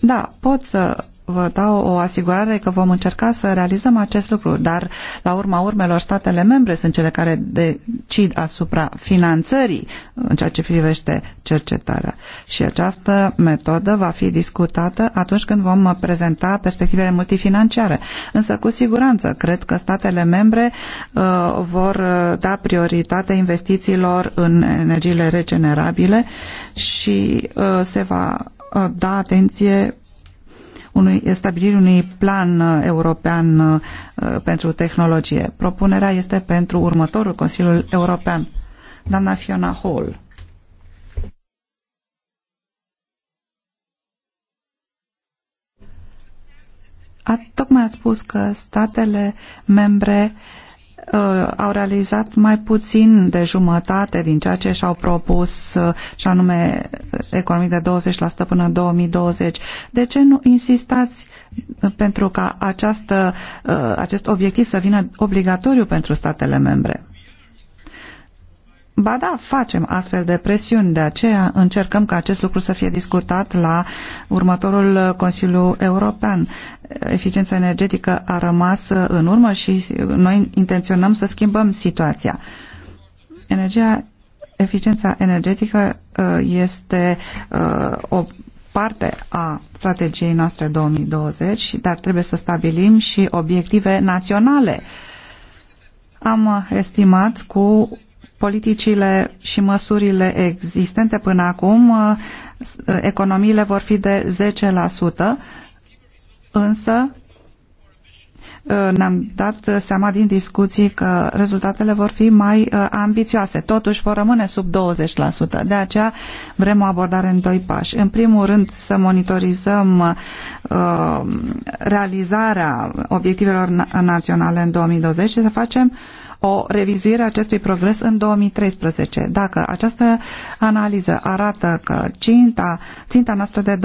Da, pot să vă dau o asigurare că vom încerca să realizăm acest lucru, dar la urma urmelor statele membre sunt cele care decid asupra finanțării în ceea ce privește cercetarea. Și această metodă va fi discutată atunci când vom prezenta perspectivele multifinanciare. Însă, cu siguranță, cred că statele membre uh, vor uh, da prioritate investițiilor în energiile regenerabile și uh, se va uh, da atenție unui, stabilirii unui plan uh, european uh, pentru tehnologie. Propunerea este pentru următorul Consiliul European. Doamna Fiona Hall. A, tocmai ați spus că statele membre uh, Uh, au realizat mai puțin de jumătate din ceea ce și-au propus, uh, și anume uh, economii de 20% până în 2020. De ce nu insistați pentru ca această, acest obiectiv să vină obligatoriu pentru statele membre? Ba da, facem astfel de presiuni, de aceea încercăm ca acest lucru să fie discutat la următorul uh, Consiliu European. Eficiența energetică a rămas uh, în urmă și noi intenționăm să schimbăm situația. Energia, eficiența energetică uh, este o parte a strategiei noastre 2020, dar trebuie să stabilim și obiective naționale am estimat cu politicile și măsurile existente până acum, uh, economiile vor fi de 10%, însă uh, ne-am dat seama din discuții că rezultatele vor fi mai uh, ambițioase. Totuși vor rămâne sub 20%. De aceea vrem o abordare în doi pași. În primul rând să monitorizăm uh, realizarea obiectivelor naționale în 2020 și să facem uh, o revizuire a acestui progres în 2013. Dacă această analiză arată că ținta, ținta noastră de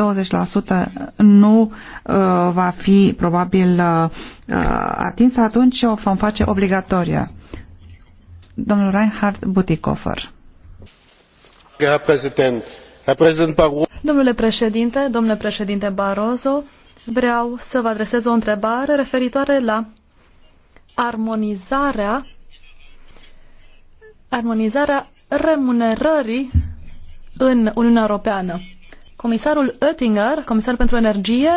20% nu uh, va fi probabil uh, uh, atinsă, atunci o vom face obligatorie. Domnul Reinhard Butikofer. Barroso. Domnule președinte, domnule președinte Barroso, vreau să vă adresez o întrebare referitoare la armonizarea armonizarea remunerării în Uniunea Europeană. Comisarul Oettinger, comisar pentru energie,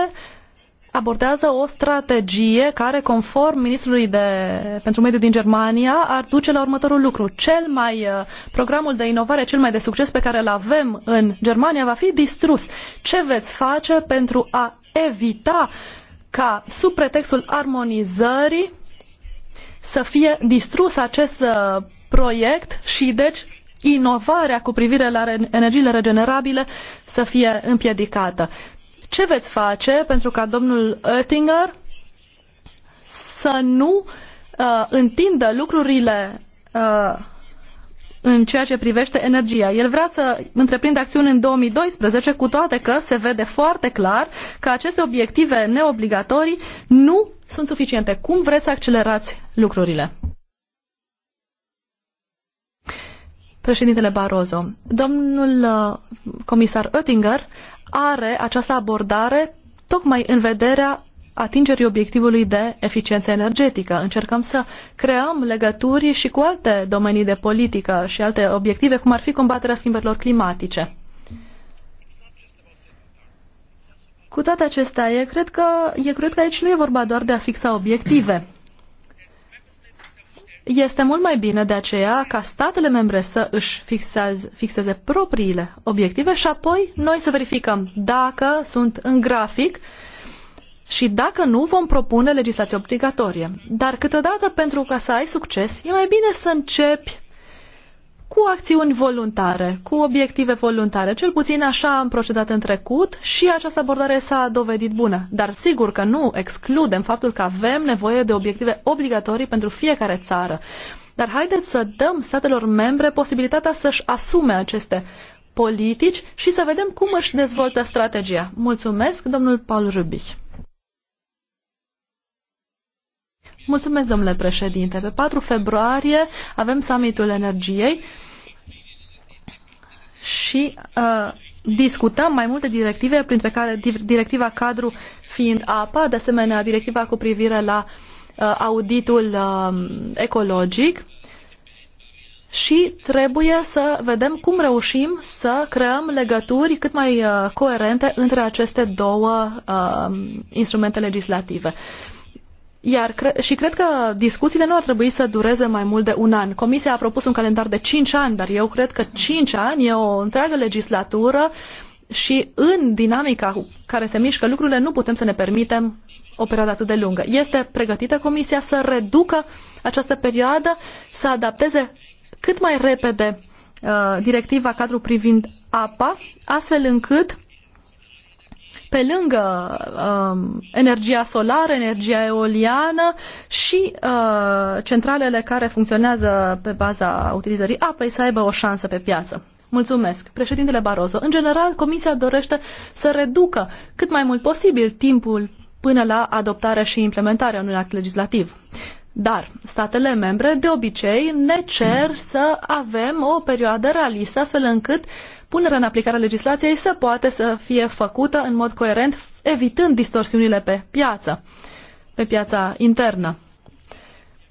abordează o strategie care, conform ministrului de, pentru mediu din Germania, ar duce la următorul lucru. Cel mai, uh, programul de inovare cel mai de succes pe care îl avem în Germania va fi distrus. Ce veți face pentru a evita ca, sub pretextul armonizării, să fie distrus acest uh, proiect și deci inovarea cu privire la energiile regenerabile să fie împiedicată. Ce veți face pentru ca domnul Oettinger să nu uh, întindă lucrurile uh, în ceea ce privește energia. El vrea să întreprindă acțiuni în 2012, cu toate că se vede foarte clar că aceste obiective neobligatorii nu sunt suficiente. Cum vreți să accelerați lucrurile? președintele Barroso. Domnul uh, comisar Oettinger are această abordare tocmai în vederea atingerii obiectivului de eficiență energetică. Încercăm să creăm legături și cu alte domenii de politică și alte obiective, cum ar fi combaterea schimbărilor climatice. Cu toate acestea, eu cred că, eu cred că aici nu e vorba doar de a fixa obiective. Este mult mai bine de aceea ca statele membre să își fixeze, fixeze propriile obiective și apoi noi să verificăm dacă sunt în grafic și dacă nu, vom propune legislație obligatorie. Dar câteodată, pentru ca să ai succes, e mai bine să începi cu acțiuni voluntare, cu obiective voluntare. Cel puțin așa am procedat în trecut și această abordare s-a dovedit bună. Dar sigur că nu excludem faptul că avem nevoie de obiective obligatorii pentru fiecare țară. Dar haideți să dăm statelor membre posibilitatea să-și asume aceste politici și să vedem cum își dezvoltă strategia. Mulțumesc, domnul Paul Rubich. Mulțumesc, domnule președinte. Pe 4 februarie avem summitul energiei și uh, discutăm mai multe directive, printre care directiva cadru fiind apa, de asemenea directiva cu privire la uh, auditul uh, ecologic și trebuie să vedem cum reușim să creăm legături cât mai uh, coerente între aceste două uh, instrumente legislative. Iar cre- și cred că discuțiile nu ar trebui să dureze mai mult de un an. Comisia a propus un calendar de 5 ani, dar eu cred că 5 ani e o întreagă legislatură și în dinamica care se mișcă lucrurile nu putem să ne permitem o perioadă atât de lungă. Este pregătită Comisia să reducă această perioadă, să adapteze cât mai repede uh, directiva cadru privind apa, astfel încât pe lângă um, energia solară, energia eoliană și uh, centralele care funcționează pe baza utilizării apei să aibă o șansă pe piață. Mulțumesc. Președintele Barroso, în general, Comisia dorește să reducă cât mai mult posibil timpul până la adoptarea și implementarea unui act legislativ. Dar statele membre de obicei ne cer să avem o perioadă realistă astfel încât uh, punerea în aplicare a legislației să poate să fie făcută în mod coerent, evitând distorsiunile pe piață, pe piața internă.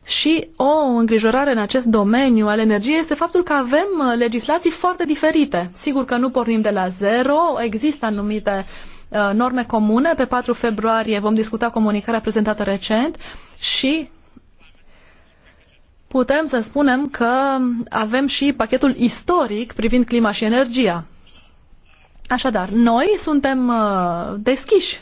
Și o îngrijorare în acest domeniu al energiei este faptul că avem uh, legislații foarte diferite. Sigur că nu pornim de la zero, există anumite uh, norme comune. Pe 4 februarie vom discuta comunicarea prezentată recent și putem să spunem că avem și pachetul istoric privind clima și energia. Așadar, noi suntem uh, deschiși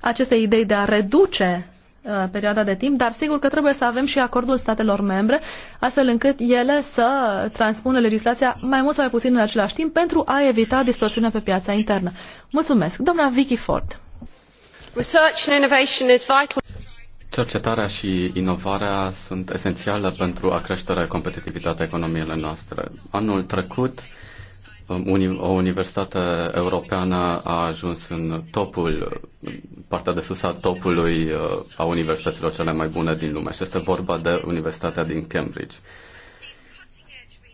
acestei idei de a reduce uh, perioada de timp, dar sigur că trebuie să avem și acordul statelor membre, astfel încât ele să transpună legislația mai mult sau mai puțin în același timp pentru a evita distorsiunea pe piața internă. Mulțumesc. Doamna Vicky Ford. Research and innovation is vital. Cercetarea și inovarea sunt esențiale pentru a crește competitivitatea economiei noastre. Anul trecut, um, o universitate europeană a ajuns în topul, partea de sus a topului uh, a universităților cele mai bune din lume și este vorba de Universitatea din Cambridge.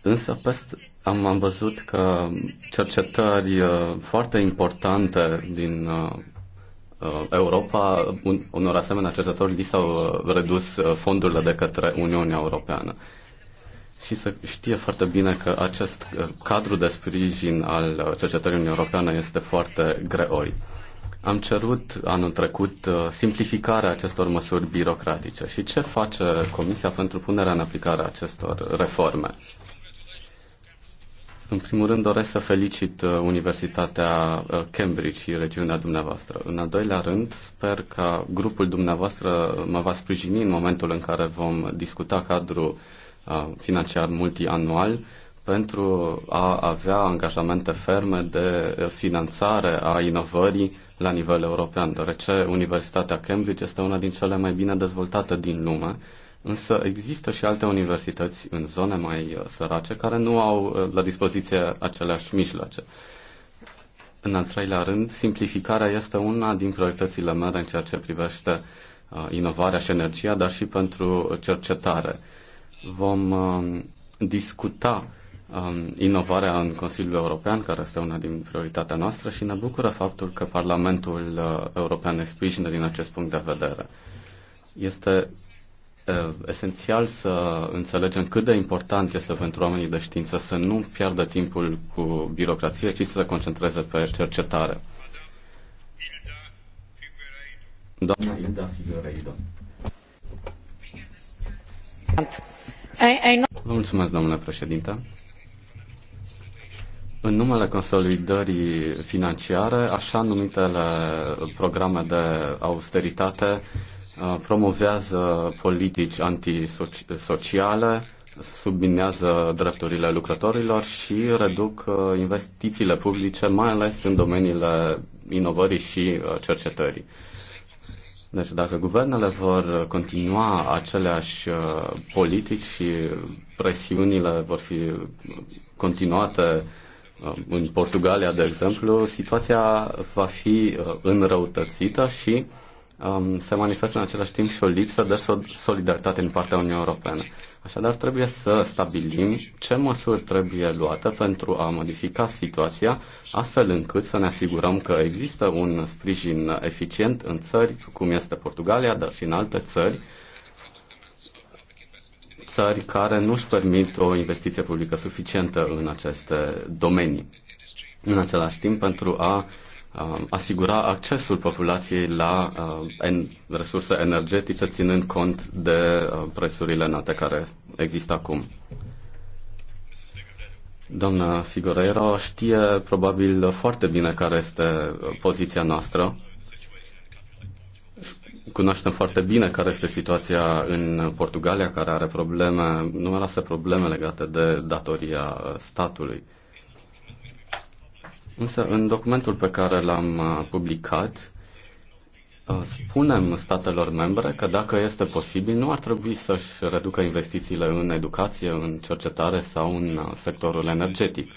Însă peste, am, am văzut că cercetări uh, foarte importante din uh, Uh, Europa, un, unor asemenea cercetători li s-au uh, redus uh, fondurile de către Uniunea Europeană. Și să știe foarte bine că acest cadru de sprijin al cercetării Uniunii Europeană este foarte greoi. Am cerut anul trecut simplificarea acestor măsuri birocratice. Și ce face Comisia pentru punerea în aplicare a acestor reforme? În primul rând doresc să felicit uh, Universitatea uh, Cambridge și regiunea dumneavoastră. În al doilea rând, sper că grupul dumneavoastră uh, mă va sprijini în momentul în care vom discuta cadrul financiar multianual pentru a avea angajamente ferme de finanțare a inovării la nivel european, deoarece Universitatea Cambridge este una din cele mai bine dezvoltate din lume Însă există și alte universități în zone mai uh, sărace care nu au uh, la dispoziție aceleași mijloace. În al treilea rând, simplificarea este una din prioritățile mele în ceea ce privește uh, inovarea și energia, dar și pentru cercetare. Vom um, discuta um, inovarea în Consiliul European, care este una din prioritatea noastră și ne bucură faptul că Parlamentul European ne sprijină din acest punct de vedere. Este este esențial să înțelegem cât de important este pentru oamenii de știință să nu piardă timpul cu birocrație, ci să se concentreze pe cercetare. Doamna Ilda Figueiredo. Vă mulțumesc, domnule președinte. În numele consolidării financiare, așa numitele programe de austeritate Uh, promovează politici antisociale, subminează drepturile lucrătorilor și reduc uh, investițiile publice, mai ales în domeniile inovării și uh, cercetării. Deci dacă guvernele vor continua aceleași politici și presiunile vor fi continuate în Portugalia, de exemplu, situația va fi înrăutățită și um, se manifestă în același timp și o lipsă de solidaritate din partea Uniunii Europene. Așadar, trebuie să stabilim ce măsuri trebuie luate pentru a modifica situația, astfel încât să ne asigurăm că există un sprijin eficient în țări cum este Portugalia, dar și în alte țări, țări care nu își permit o investiție publică suficientă în aceste domenii. În același timp, pentru a uh, Um, asigura accesul populației la uh, en, resurse energetice, ținând cont de uh, prețurile înalte care există acum. Doamna Figueiredo știe probabil foarte bine care este uh, poziția noastră. Cunoaștem foarte bine care este situația în Portugalia, care are probleme, numeroase probleme legate de datoria statului. Însă în documentul pe care l-am uh, publicat uh, spunem statelor membre că dacă este posibil nu ar trebui să-și reducă investițiile în educație, în cercetare sau în uh, sectorul energetic.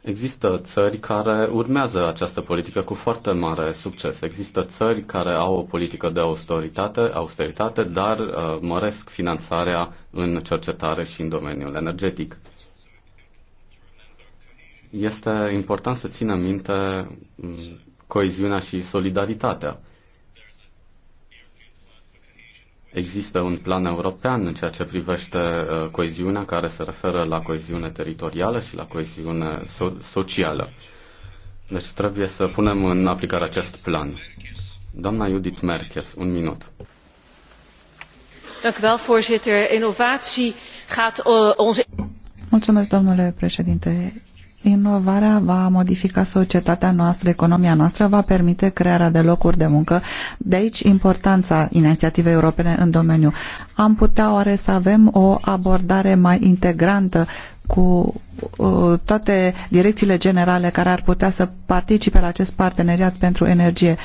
Există țări care urmează această politică cu foarte mare succes. Există țări care au o politică de austeritate, austeritate dar uh, măresc finanțarea în cercetare și în domeniul energetic este important să țină minte coeziunea și solidaritatea. Există un plan european în ceea ce privește uh, coeziunea, care se referă la coeziune teritorială și la coeziune so- socială. Deci trebuie să punem în aplicare acest plan. Doamna Judith Merkes, un minut. Uh, Mulțumesc, domnule președinte. Inovarea va modifica societatea noastră, economia noastră, va permite crearea de locuri de muncă. De aici importanța inițiativei europene în domeniu. Am putea oare să avem o abordare mai integrantă cu uh, toate direcțiile generale care ar putea să participe la acest parteneriat pentru energie.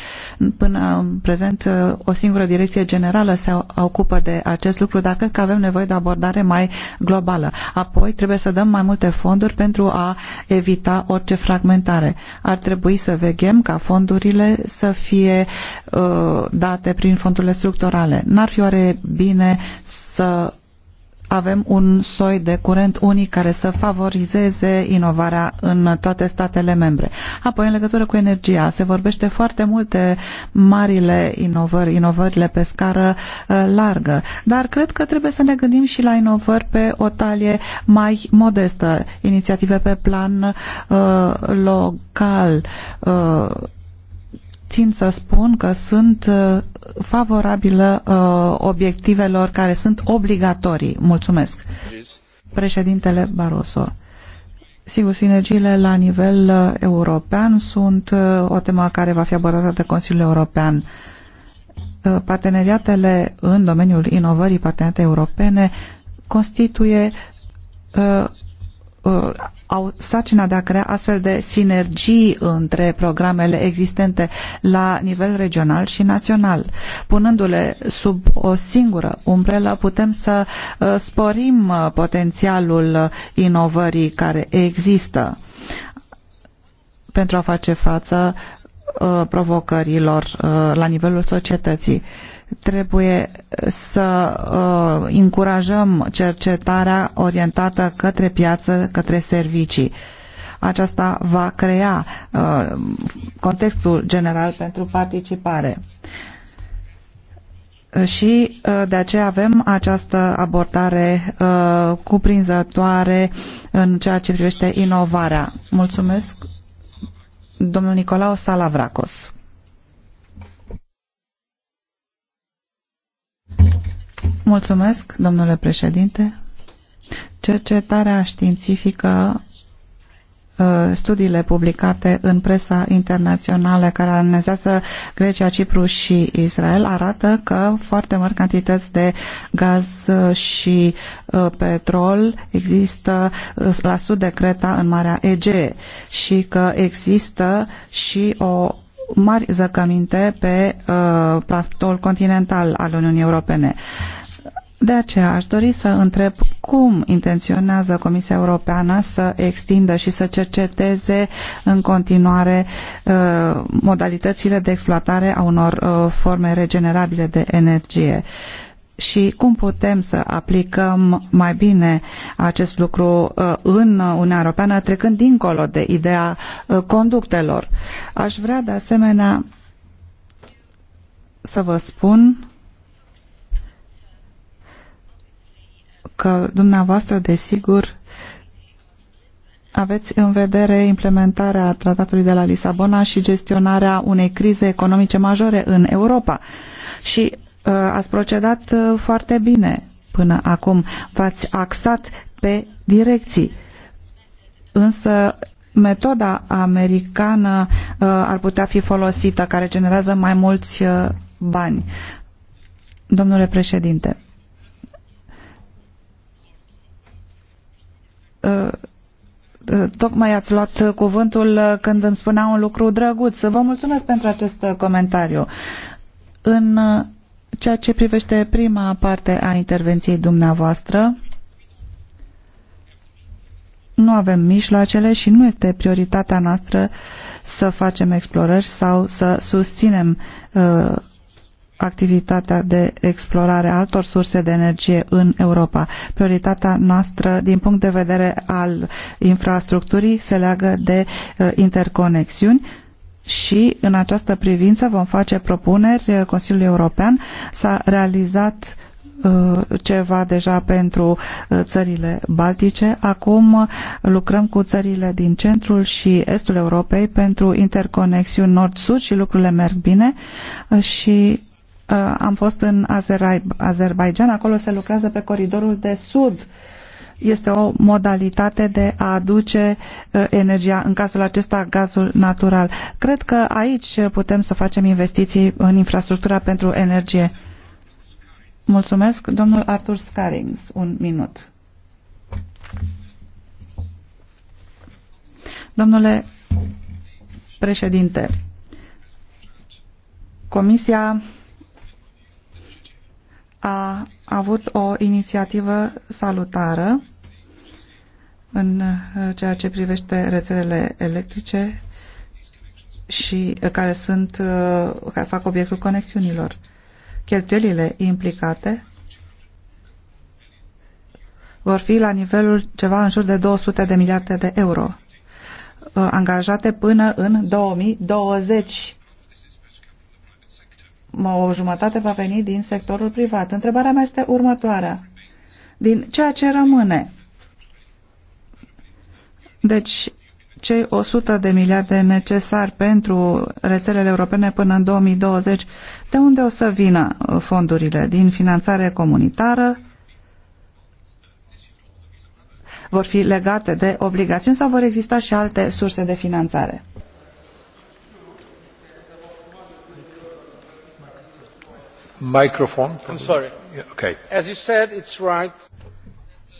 Până în prezent, uh, o singură direcție generală se ocupă de acest lucru, dar cred că avem nevoie de abordare mai globală. Apoi, trebuie să dăm mai multe fonduri pentru a evita orice fragmentare. Ar trebui să veghem ca fondurile să fie uh, date prin fondurile structurale. N-ar fi oare bine să avem un soi de curent unic care să favorizeze inovarea în toate statele membre. Apoi, în legătură cu energia, se vorbește foarte multe marile inovări, inovările pe scară uh, largă, dar cred că trebuie să ne gândim și la inovări pe o talie mai modestă, inițiative pe plan uh, local, uh, țin să spun că sunt uh, favorabilă uh, obiectivelor care sunt obligatorii. Mulțumesc. Președintele Barroso. Sigur, sinergiile la nivel uh, european sunt o temă care va fi abordată de Consiliul European. Parteneriatele în domeniul inovării, parteneriate europene, constituie au sacina de a crea astfel de sinergii între programele existente la nivel regional și național. Punându-le sub o singură umbrelă, putem să uh, sporim uh, potențialul uh, inovării care există pentru a face față provocărilor la nivelul societății Trebuie uh, să uh, încurajăm cercetarea orientată către piață, către servicii. Aceasta va crea uh, contextul general pentru participare. Și uh, de aceea avem această abordare uh, cuprinzătoare în ceea ce privește inovarea. Mulțumesc, domnul Nicolau Salavracos. Mulțumesc, domnule președinte. Cercetarea științifică uh, studiile publicate în presa internațională care analizează Grecia, Cipru și Israel arată că foarte mari cantități de gaz și uh, petrol există uh, la sud de Creta în Marea Egee și că există și o mari zăcăminte pe uh, platoul continental al Uniunii Europene. De aceea aș dori să întreb cum intenționează Comisia Europeană să extindă și să cerceteze în continuare uh, modalitățile de exploatare a unor uh, forme regenerabile de energie. Uh, și cum putem să aplicăm mai bine acest lucru uh, în Uniunea Europeană, trecând dincolo de ideea uh, conductelor. Aș vrea de asemenea să vă spun că dumneavoastră, desigur, aveți în vedere implementarea tratatului de la Lisabona și gestionarea unei crize economice majore în Europa. Și Uh, ați procedat uh, foarte bine până acum. V-ați axat pe direcții. Însă metoda americană uh, ar putea fi folosită, care generează mai mulți bani. Domnule președinte, tocmai ați luat cuvântul când îmi spunea un lucru drăguț. Vă mulțumesc pentru acest comentariu. În ceea ce privește prima parte a intervenției dumneavoastră, nu avem mijloacele și nu este prioritatea noastră să facem explorări sau să susținem uh, activitatea de explorare a altor surse de energie în Europa. Prioritatea noastră, din punct de vedere al infrastructurii, se leagă de uh, interconexiuni și în această privință vom face propuneri Consiliului European. S-a realizat uh, ceva deja pentru uh, țările baltice. Acum uh, lucrăm cu țările din centrul și estul Europei pentru interconexiuni nord-sud și lucrurile merg bine și am fost în Azerbaijan, acolo se lucrează pe coridorul de sud este o modalitate de a aduce uh, energia, în cazul acesta gazul natural. Cred că aici putem să facem investiții în infrastructura pentru energie. Mulțumesc, domnul Arthur Scarings, un minut. Domnule președinte, Comisia a avut o inițiativă salutară în uh, ceea ce privește rețelele electrice și uh, care sunt uh, care fac obiectul conexiunilor. Cheltuielile implicate vor fi la nivelul ceva în jur de 200 de miliarde de euro angajate până în 2020 o jumătate va veni din sectorul privat. Întrebarea mea este următoarea. Din ceea ce rămâne, deci cei 100 de miliarde necesari pentru rețelele europene până în 2020, de unde o să vină uh, fondurile? Din finanțare comunitară? Vor fi legate de obligațiuni sau vor exista și alte surse de finanțare?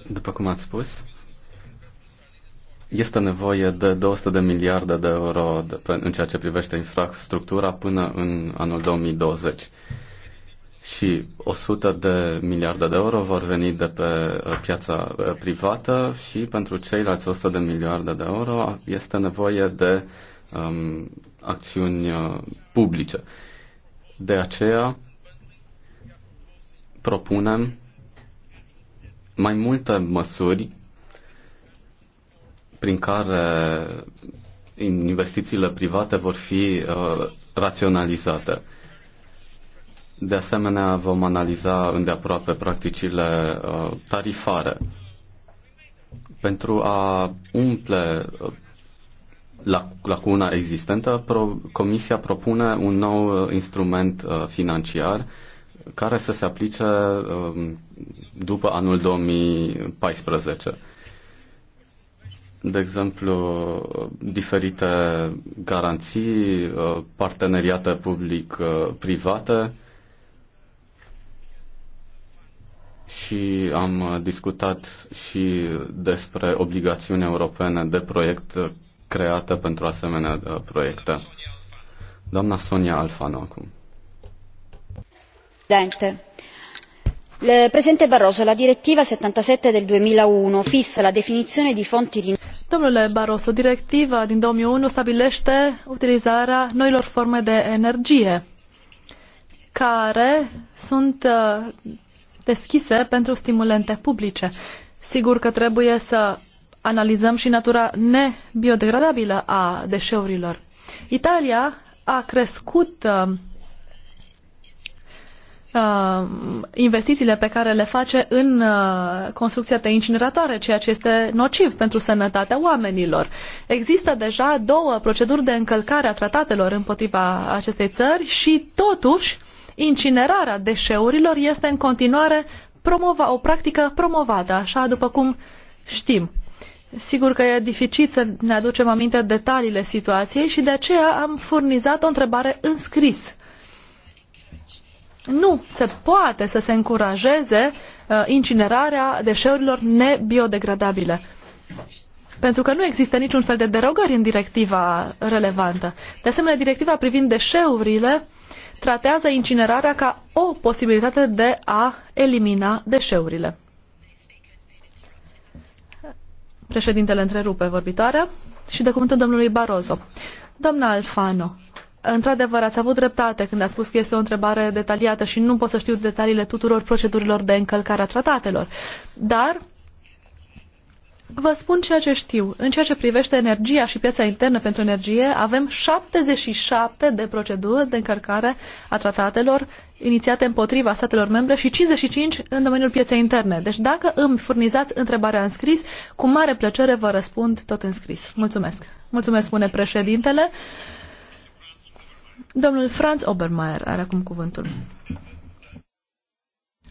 După cum ați spus, este nevoie de 200 de miliarde de euro în ceea ce privește infrastructura până în anul 2020. Și 100 de miliarde de euro vor veni de pe uh, piața uh, privată și pentru ceilalți 100 de miliarde de euro este nevoie de um, acțiuni uh, publice. De aceea, propunem mai multe măsuri prin care investițiile private vor fi uh, raționalizate. De asemenea, vom analiza îndeaproape practicile uh, tarifare pentru a umple uh, lacuna existentă, Comisia propune un nou uh, instrument uh, financiar care să se aplice um, după anul 2014. De exemplu, diferite garanții, uh, parteneriate public-private și am discutat și despre obligațiuni europene de proiect create pentru asemenea uh, proiecte. Doamna Sonia Alfano acum presidente onorevoli colleghi presidente barroso la direttiva settantasette del duemilauno fissa la definizione di fonti rinnovabili. domnule barroso directiva din două mii unu stabilește utilizarea noilor forme de energie care sunt uh, deschise pentru stimulente publice. sigur că trebuie să analizăm și natura nebiodegradabilă a deșeurilor. italia a crescut uh, Uh, investițiile pe care le face în uh, construcția de incineratoare, ceea ce este nociv pentru sănătatea oamenilor. Există deja două proceduri de încălcare a tratatelor împotriva acestei țări și totuși incinerarea deșeurilor este în continuare promova, o practică promovată, așa după cum știm. Sigur că e dificil să ne aducem aminte detaliile situației și de aceea am furnizat o întrebare în scris nu se poate să se încurajeze uh, incinerarea deșeurilor nebiodegradabile. Pentru că nu există niciun fel de derogări în directiva relevantă. De asemenea, directiva privind deșeurile tratează incinerarea ca o posibilitate de a elimina deșeurile. Președintele întrerupe vorbitoarea și de cuvântul domnului Barroso. Doamna Alfano, Într-adevăr, ați avut dreptate când ați spus că este o întrebare detaliată și nu pot să știu detaliile tuturor procedurilor de încălcare a tratatelor. Dar vă spun ceea ce știu. În ceea ce privește energia și piața internă pentru energie, avem 77 de proceduri de încălcare a tratatelor inițiate împotriva statelor membre și 55 în domeniul pieței interne. Deci dacă îmi furnizați întrebarea în scris, cu mare plăcere vă răspund tot în scris. Mulțumesc. Mulțumesc, spune președintele. Domnul Franz Obermeier are acum cuvântul.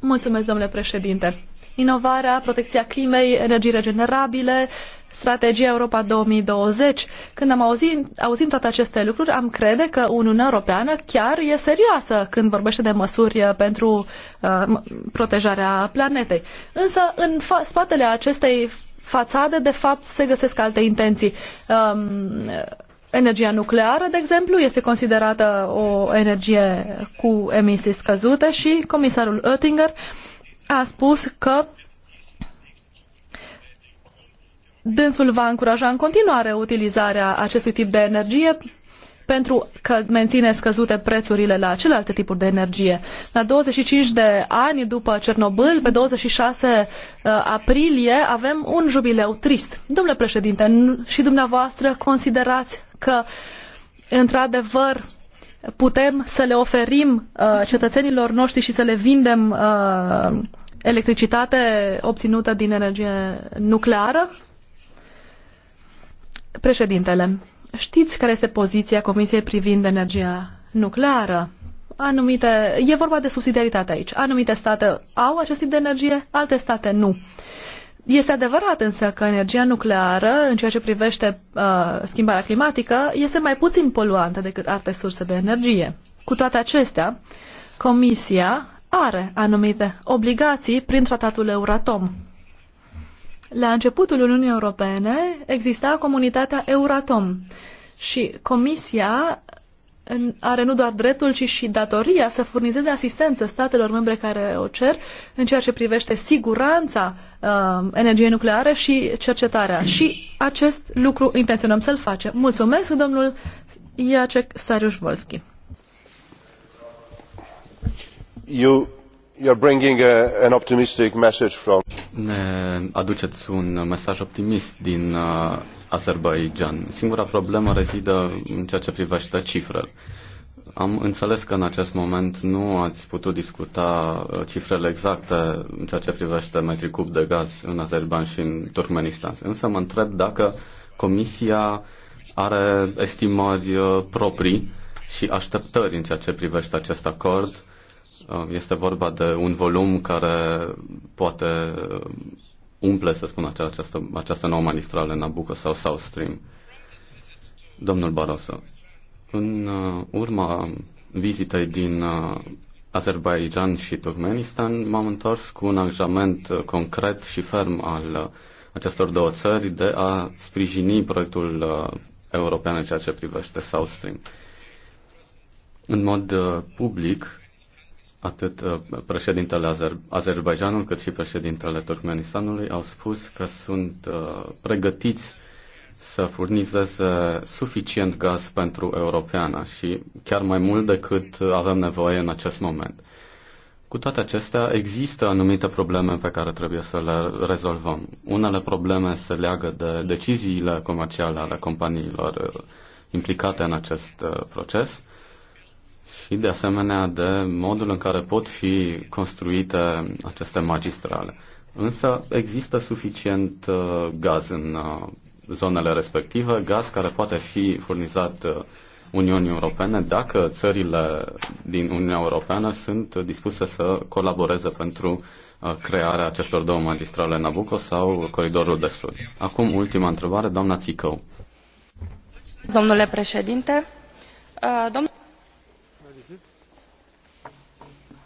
Mulțumesc, domnule președinte. Inovarea, protecția climei, energii regenerabile, strategia Europa 2020. Când am auzit, auzim toate aceste lucruri, am crede că Uniunea Europeană chiar e serioasă când vorbește de măsuri uh, pentru uh, protejarea planetei. Însă, în spatele acestei fațade, de fapt, se găsesc alte intenții. Um, Energia nucleară, de exemplu, este considerată o energie cu emisii scăzute și comisarul Oettinger a spus că dânsul va încuraja în continuare utilizarea acestui tip de energie pentru că menține scăzute prețurile la celelalte tipuri de energie. La 25 de ani după Cernobâl, pe 26 uh, aprilie, avem un jubileu trist. Domnule președinte, și dumneavoastră considerați că, într-adevăr, putem să le oferim uh, cetățenilor noștri și să le vindem uh, electricitate obținută din energie nucleară? Președintele, știți care este poziția Comisiei privind energia nucleară? Anumite, e vorba de subsidiaritate aici. Anumite state au acest tip de energie, alte state nu. Uh, este adevărat însă că energia nucleară, în ceea ce privește uh, schimbarea climatică, este mai puțin poluantă decât alte surse de energie. Cu toate acestea, Comisia are anumite obligații prin tratatul Euratom. La începutul Uniunii Europene exista comunitatea Euratom și Comisia are nu doar dreptul, ci și datoria să furnizeze asistență statelor membre care o cer în ceea ce privește siguranța uh, energiei nucleare și cercetarea. Și acest lucru intenționăm să-l facem. Mulțumesc, domnul Iacek sariuș wolski You're bringing a, an optimistic message from... Ne aduceți un mesaj optimist din uh, Azerbaijan. Singura problemă rezidă în ceea ce privește cifrele. Am înțeles că în acest moment nu ați putut discuta uh, cifrele exacte în ceea ce privește metri cub de gaz în Azerbaijan și în Turkmenistan. Însă mă întreb dacă Comisia are estimări uh, proprii și așteptări în ceea ce privește acest acord Uh, este vorba de un volum care poate uh, umple, să spun, această, această nouă magistrală Nabucco sau South Stream. Domnul Barroso, în uh, urma vizitei din Azerbaijan și Turkmenistan, m-am întors cu un angajament concret și ferm al acestor două țări de a sprijini proiectul european în ceea ce privește South Stream. În mod public, atât uh, președintele Azer- Azerbaijanului cât și președintele Turkmenistanului au spus că sunt uh, pregătiți să furnizeze suficient gaz pentru europeană și chiar mai mult decât avem nevoie în acest moment. Cu toate acestea, există anumite probleme pe care trebuie să le rezolvăm. Unele probleme se leagă de deciziile comerciale ale companiilor uh, implicate în acest proces și de asemenea de modul în care pot fi construite aceste magistrale. Însă există suficient uh, gaz în uh, zonele respective, gaz care poate fi furnizat uh, Uniunii Europene dacă țările din Uniunea Europeană sunt dispuse să colaboreze pentru crearea acestor două magistrale Nabucco sau Coridorul de Sud. Acum ultima întrebare, doamna Țicău. Domnule președinte, domnule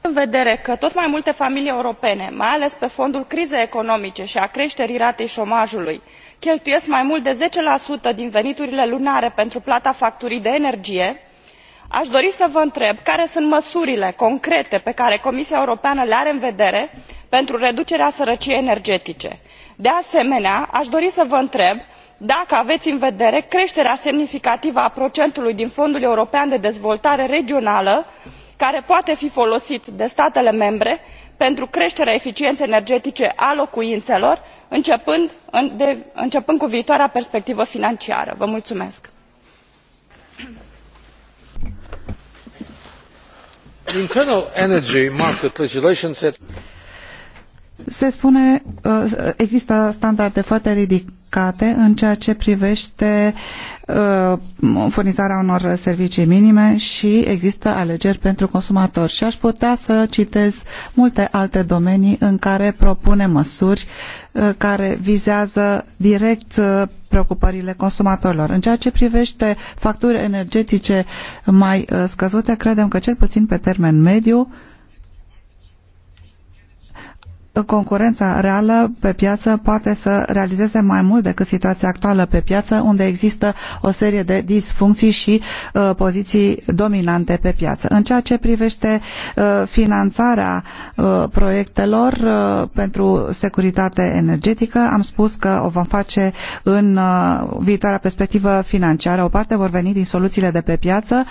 în vedere că tot mai multe familii europene mai ales pe fondul crizei economice i al creterii ratei omajului cheltuiesc mai mult de zece din veniturile lunare pentru plata facturii de energie a dori să vă întreb care sunt măsurile concrete pe care comisia europeană le are în vedere pentru reducerea sărăciei energetice. de asemenea a dori să vă întreb dacă avei în vedere creterea semnificativă a procentului din fondul european de dezvoltare regională care care poate fi folosit de statele membre pentru creterea eficienei energetice a locuinelor începând cu viitoarea perspectivă financiară. Vă mulțumesc se spune, uh, există standarde foarte ridicate în ceea ce privește uh, furnizarea unor servicii minime și există alegeri pentru consumatori. Și aș putea să citez multe alte domenii în care propune măsuri uh, care vizează direct preocupările consumatorilor. În ceea ce privește facturi energetice mai scăzute, credem că cel puțin pe termen mediu concurența reală pe piață poate să realizeze mai mult decât situația actuală pe piață, unde există o serie de disfuncții și uh, poziții dominante pe piață. În ceea ce privește uh, finanțarea uh, proiectelor uh, pentru securitate energetică, am spus că o vom face în uh, viitoarea perspectivă financiară. O parte vor veni din soluțiile de pe piață,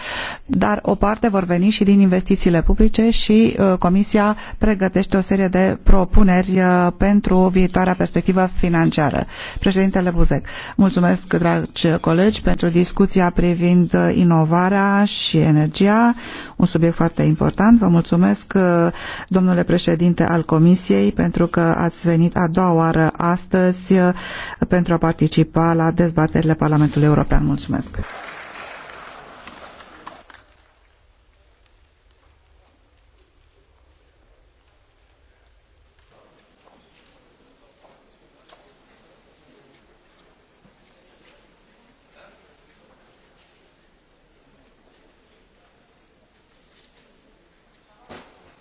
dar o parte vor veni și din investițiile publice și uh, Comisia pregătește o serie de propuneri propuneri uh, pentru viitoarea perspectivă financiară. Președintele Buzek, mulțumesc, dragi colegi, pentru discuția privind uh, inovarea și energia, un subiect foarte important. Vă mulțumesc, uh, domnule președinte al Comisiei, pentru că ați venit a doua oară astăzi pentru a participa la dezbaterile Parlamentului European. Mulțumesc!